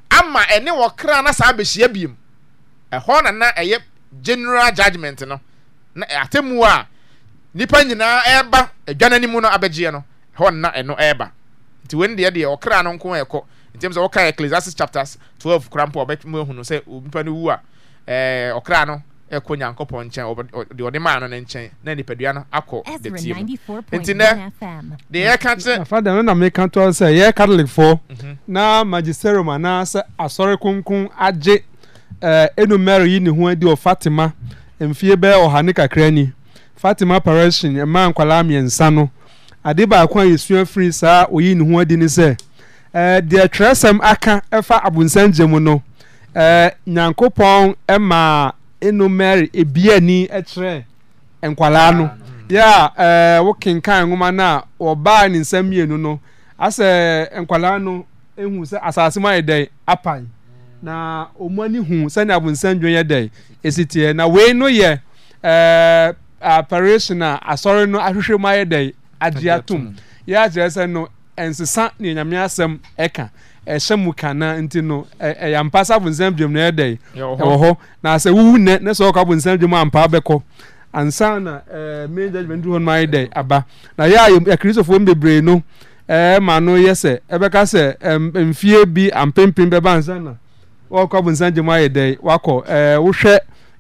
ama ɛne wɔ kra na saa bɛhyia biom ɛhɔ na na ɛyɛ general judgment no na atemmu a nipa nyinaa ɛreba adwa no anim no abɛgyeɛ no ɛhɔ na ɛno ɛreba nti wɔn deɛ deɛ ɔkra no nko ɛkɔ nti sɛ wɔka ecclesiastes chapters twelve koraa mpo a ɔbɛtumi ehunu sɛ nipa no wu a ɔkra no ɛkɔ e nyankopɔn nkyɛn deɛ ɔde maa no ne nkyɛn na nipadua no akɔ dɛtie mu nti nɛ deɛ yɛka kyerɛ fada no na meka to sɛ yɛ catholicfoɔ mhm. na magisterium anaasɛ asɔre kronkron agye ɛnumɛro eh, yi ne ho adi wɔ fatima mfie bɛyɛ ɔha ne kakra ni fatima parishin mmaa nkwalaa mmiɛnsa no ade baako a yɛsua firi saa oyi ne ho adi ne sɛ eh, deɛ twerɛsɛm aka ɛfa abonsan gye mu no eh, nyankopɔn maa ɛno mary ebi ani kyerɛ nkwalaa no mm. ya ɛɛ eh, wokenkan nwoma no a wɔbaa ne nsa mmienu no asɛ nkwalaa no ehu sɛ asaase mu ayɛ dɛ apan mm. na wɔn ani hu sɛnea abonsan dwe yɛ dɛ esi teɛ na wei no yɛ ɛɛ eh, aparation a asɔre no ahwehwɛ mu ayɛ dɛn agye ya yɛ akyerɛ sɛ no nsesa ne nyame asɛm ɛka. ɛsyɛ mu kana nti no yɛ mpa sɛ abonsa dwam o ɛd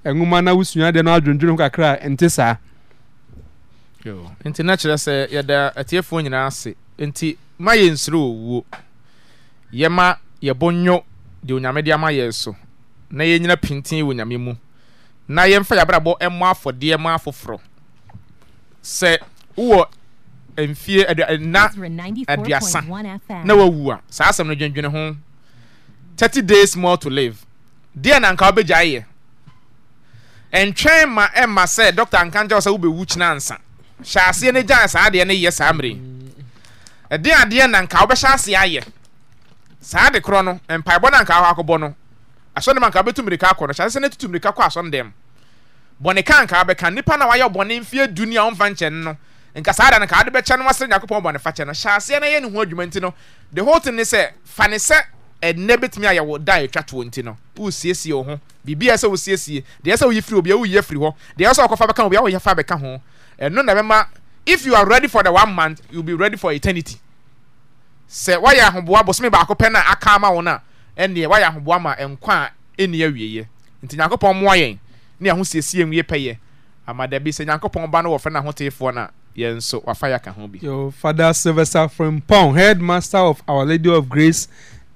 ɔawɛ ma na wosuadeɛ no adwendwee aka nti saanti na kyerɛ sɛ yɛda atifo nyina ase nti mayɛ nsirɛ ɔwo yɛma yɛbɔ nwo deɛ onyamede amayɛ so na yɛnyina pinte wɔ nyame mu na yɛmfa yɛabrbɔ mɔ afɔdeɛ ma afoforɔ sɛ womfnaadsnawsaa eh, sɛmno dwinwine ho 30daysoaaɛ k saa de korɔ no mpaebɔ no anka akɔ akɔbɔ no asɔne ma anka bɛtu mmirika akɔ no hyɛ sɛ ne tutu mmirika kɔ asɔne dɛm bɔne ka anka bɛka nipa na wayɛ bɔne mfeɛ du ni a ɔmfa nkyɛn no nka saa da no ka bɛkyɛ no wasere nyankopɔn bɔne fakyɛ no hyɛ aseɛ na yɛ ne ho adwuma nti no the whole thing ne sɛ fa ne sɛ ɛnɛ bɛtumi ayɛ wo da a ɛtwa toɔ nti no wosiesie wo ho biribi a ɛsɛ wosiesie deɛ ɛsɛ woyi firi obi a woyɛ firi hɔ deɛ ɛsɛ wɔkɔfa bɛka obi a woyɛ fa bɛka ho ɛno na bɛma if you are ready for the one month you'll be ready for eternity sɛ wayɛ ahoboa bɔsomibaako pɛ noa aka ma wo no a ɛne wayɛ ahoboa maa nk a nniawieɛ nti nyankopɔn moa yɛn na ahosiesiɛnyɛpɛyɛ amadabisɛ nyankopɔn ba no wɔfrɛ no hotefoɔ na yɛso wafa yɛaka ho bifada svirse fri pon head master of our lady of grace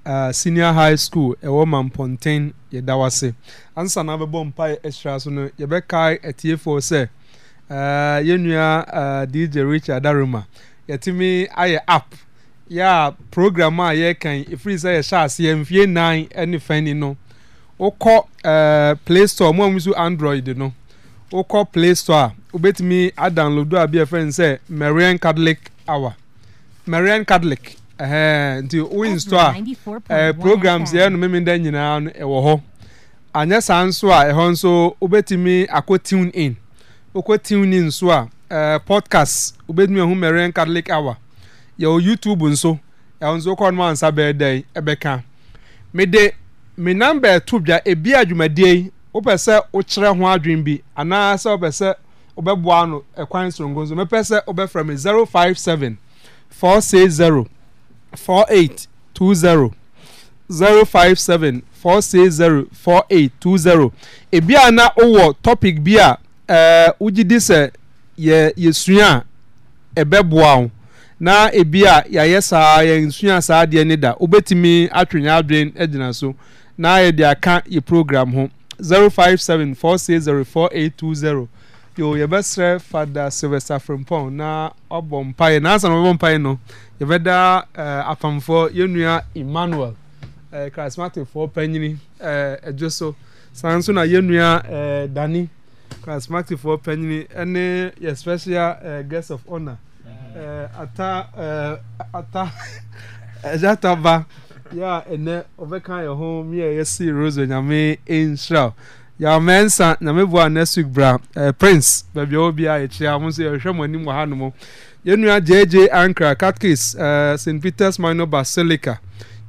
uh, senior high school ɛwɔ manpontain yɛdawase ansana bɛbɔ mpayɛ ahyira so no yɛbɛkae atiefoɔ sɛ uh, yɛnnua uh, dg richard aroma yɛtumiayɛ ap yɛ a program a yɛrekan ɛfiri sɛ yɛhyɛ aseɛ mfie nan ne fani no wokɔ ɛɛ play store mo a mo nso android no wokɔ play store a wobɛtumi adownload a bi ɛfɛ nsɛ marian catholic hour marian catholic ɛhɛn nti wo install a ɛɛ programs yɛn no mímí dɛ nyinaa no ɛwɔ hɔ anyɛ saa nso a ɛhɔ nso wobɛtumi akɔ tune in wokɔ tune in nso a ɛɛ podcast wobɛtumi ɛho marian catholic hour yɛwɔ youtube nso ɛwɔ nso kɔ no ansa bɛyɛ dɛn ɛbɛka mede me namba ɛto dwa ebi adwumadie yi wopɛ sɛ wokyerɛ ho adwene bi anaa sɛ wopɛ sɛ wobɛboa no ɛkwan soronko nso mepɛ sɛ wobɛfrɛ me 057 460 4820 057 460 4820 ebi a na wowɔ topic bi a ɛɛ wogye di sɛ yɛ yɛsua a ɛbɛboa wo na ebi a yɛayɛ saa yɛnsua saa adeɛ ne da wobɛtumi atwene adwen gyina so na yɛde aka yɛ program ho 057 460420 yo yɛbɛsrɛ fada sylvester frimpon na ɔbɔ mpaeɛ nansa na ɔbɛbɔ mpaeɛ no yɛbɛda uh, eh, apamfoɔ yɛnua emmanuel uh, charismaticfoɔ panyini eh, ɛdwo uh, so saa nso na yɛnua uh, dani charismaticfoɔ panyini ɛne yɛ special uh, guest of honour Eh, ata eh, ata ajata ba ya ene obeka ye ho me ye si rose nyame insha ya mensa na mebu a next week bra eh, prince ba bia obi a ye chia mo se ye hwe mo anim ha no mo jj ankara catkis st peters minor basilica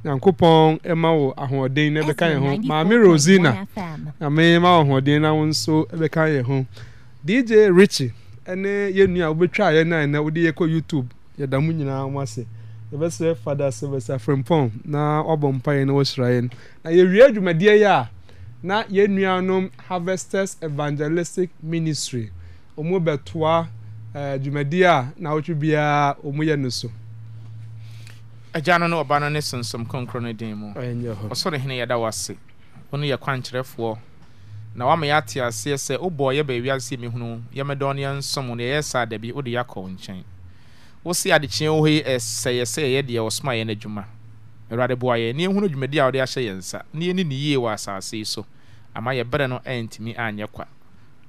nyankopɔn ɛma wo ahoɔden na ɛbɛka yɛn ho maame rosina na mema wo ahoɔden na wo nso ɛbɛka yɛn ho dj richie ɛne yɛn nua wobɛtwa yɛn nan na wode yɛkɔ youtube yɛda mu nyinaa mo ase yɛbɛsrɛ fada sylvester frimpɔn na ɔbɔ mpa yɛn na wɔhyira yɛn na yɛwie adwumadeɛ yi a na yɛn nuanom harvesters evangelistic ministry wɔn bɛtoa eh, dwumadie a n'awotwe biara wɔn yɛ no so agya no ne ɔba no ne sonsom kronkron no din mu ɔsoro hene yɛda wase ɔno yɛ kwankyerɛfoɔ na wama yɛate aseɛ sɛ wobɔɔ yɛ baawi ase mehunu yɛmɛdɔ no yɛnsom na ɛyɛ saa da bi wode yɛakɔ wo nkyɛn wo se adekyeɛ wo hɔ yi ɛsɛyɛ sɛ ɛyɛ deɛ ɔsoma yɛn adwuma awurade boa yɛn ne yɛhunu dwumadi a wode ahyɛ yɛn nsa ne yɛni ne yie wɔ asase yi so ama yɛberɛ no ɛntumi anyɛ kwa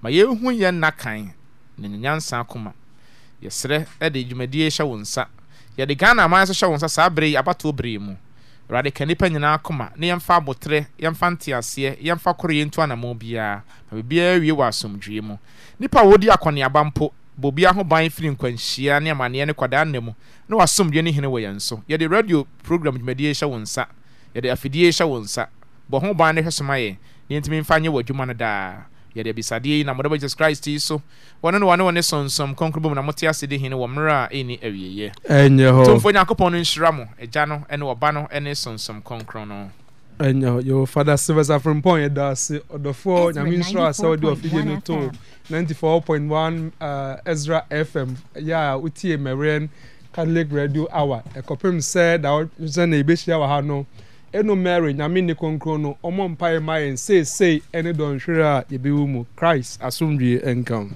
ma yɛhu yɛn nna kan ne nyansa akoma yɛserɛ de dwumadie hyɛ wo nsa yɛde ghana aman so hyɛ wo nsa saa berɛ yi abatoɔ berɛ mu awurade ka nnipa nyinaa koma ne yɛmfa abotere yɛmfa nteaseɛ yɛmfa koro ntu anammɔ biara na biribiara wie wɔ asomdwee mu nnipa a wodi akɔneaba mpo bobi ho ban firi nkwanhyia ne amanneɛ ne kwadaa nna mu ne wasomdwee ne hene wɔ yɛn so yɛde radio program dwumadie hyɛ wo nsa yɛde afidie hyɛ wo nsa bɔ ho ban no hwɛ soma yɛn na yɛntumi mfa nyɛ wɔ adwuma no daa yɛde abisadeɛ yi na mɔdɔbɔ jesus christ yi so wɔne no wɔne wɔne sɔnsɔn kɔnkɔn na mote ase de hin wɔ mmerɛ a ɛni awieeɛ. ɛnyɛ hɔ tumfo nyankopɔn no nhyira mo ɛgya no ɛne ɔba no ɛne sɔnsɔn kɔnkɔn no. ɛnyɛ hɔ yɛwɔ fada silvers afrempɔn yɛda ase ɔdɔfoɔ nyame nhyira asɛ wɔde ɔfidie no to ninety four point one uh, ezra fm yɛ a wotie mɛrɛn catholic radio hour ɛkɔpem sɛ da ɔsɛ na ebehyia wɔ ha no ɛnu mary nyame ne kronkron no ɔmo mpae ma yɛn seesei ɛne dɔnhwere a yɛbɛwɔ mu christ asomdwie nkam.